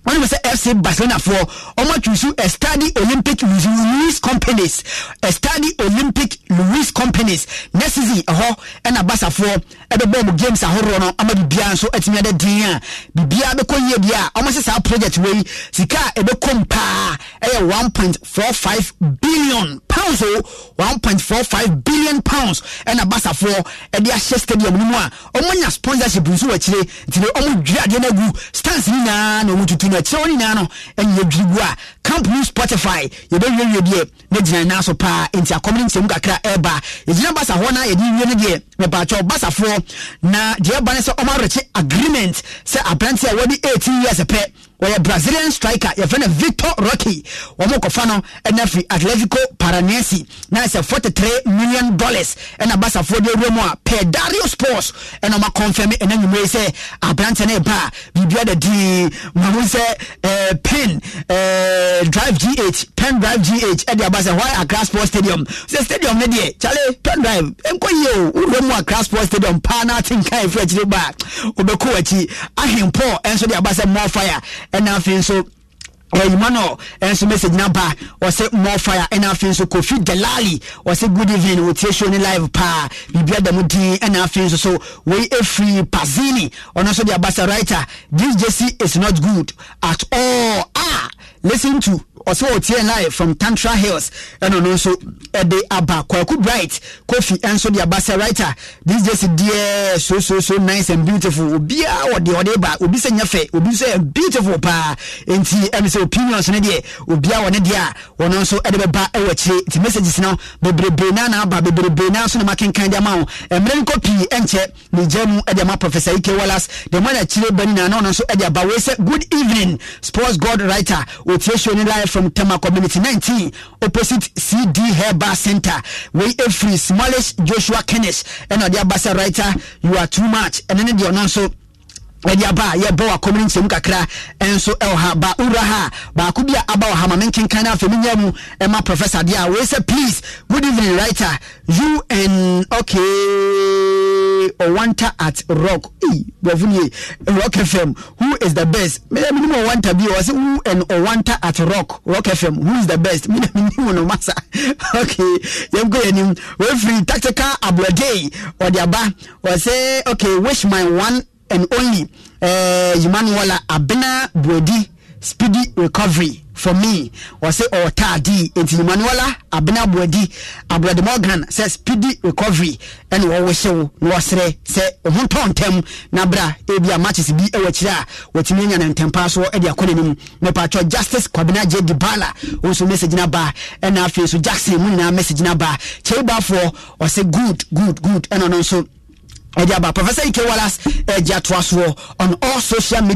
wọn bɛ sɛ fc barcelona fo ɔmo atusu estadi olympic louis companies estadi olympic louis companies next season ɛhɔ ɛna basafo ɛde bɔ mu games ahoroɔ no ama biribiara nso atumi ɛde din a biribiara bɛkɔ yie deɛ a wɔn saa project wɔ yi sika a ɛbɛkɔ paa ɛyɛ one point four five billion pounds o one point four five billion pounds ɛna basafoɔ ɛde ahyɛ stadium no mu a wɔn nya sponsorship nso wɔ akyire nti de wɔn adeɛ no agu stands nyinaa na wɔn tutu no akyire wɔn nyinaa no ɛnyɛ dwi gu a camp new spotify yɛbɛwiewie deɛ ne gyina nan so paa nti akɔmɔ ne nsɛm kakra ɛreba yɛgyina basa hɔ na yɛde wie no deɛ mɛpaatwɛ basafoɔ na deɛ ba ne sɛ ɔma agreement sɛ aberante a wɔde 18 years pɛ wɔyɛ brazilian striker yɛfrɛ no victor rocky wɔn kɔfa no ɛna firi atletico paranaense na ɛsɛ forty three million dollars ɛna basafoɔ de ewura mu a pedario sports ɛna ɔma kɔnfɛm ɛna nyimire yi sɛ aberante ne ba biribi ada dii mamu sɛ pen drive gh pen drive gh ɛde aba sɛ why accra sports stadium sɛ stadium ne deɛ kyale pen drive nkɔ yie o wura mu accra sports stadium paa na ati nkan efiri akyire ba obɛkɔ akyi ahempɔ ɛnso de aba sɛ more fire ɛna afei nso emmanuel nso message na ba? ɔsɛ more fire ɛna afei nso kofi delali ɔsɛ good evening wɔtie show ne live paa biribia dɛm din ɛna afei nso so wei efiri pazini ɔno nso de abasa writer this Jesse is not good at all ah listen to ɔsɛ ɔtie live from tantra hills ɛno no nso ɛde aba kwaku bright kofi ɛnso de aba sɛ writer this just deɛ so so so nice and beautiful obiaa wɔde ɔde ba obi sɛ nyɛ fɛ obi sɛ beautiful paa nti ɛno sɛ opinions no deɛ obiaa wɔne deɛ a wɔno nso ɛde bɛba ɛwɔ akyire nti messages no bebrebe na na aba bebrebe na nso na makenkan de ama wo mmerɛ nkɔ pii ɛnkyɛ ne gya mu ɛde ama professor ike wallace de mo na akyire bani na na ɔno nso ɛde good evening sports god writer wɔtie show live from tema community 19 opposite cd herba center wei ɛfiri smallest joshua kennis and ɔde aba sɛ writer you are too much and then the announcer. wɔde aba a yɛbɔ wakɔmene nsɛm kakra nso ɛwɔ ha ba wura ha baako bi a aba wɔ ha ma menkenka no afei menyɛ mu ɛma professor deɛ a wei sɛ please good evening writer you and okay ɔwanta at rock e brɔfo nie rock fm who is the best meyɛ menim ɔwanta bi ɔ sɛ who and ɔwanta at rock rock fm who is the best mena menim no masa okay yɛmkɔ yɛnim wɔfiri tactical ablɔdei ɔde aba ɔ sɛ okay wish my one and only uh, Emmanuel Abena Buedi speedy recovery for me Or or say wɔsɛ ɔtaade Emmanuel Abena abenaboadi abrade morgan says speedy recovery And wɔwohyɛ wo na wɔserɛ sɛ ho ntɔ ntɛm na bra ebi a matches bi ɛwɔ akyirɛ a wɔatumi anya no ntɛm paa so ɛde akɔ n'anim mepatwɔ justice kwabena gye dibala ɔnso message no baa ɛna afei so jackson mu nyinaa message no baa kyɛibafoɔ ɔsɛ good good good ɛna ɔno nso ɛde aba professor ike wallace ɛgya toa soɔ on all social media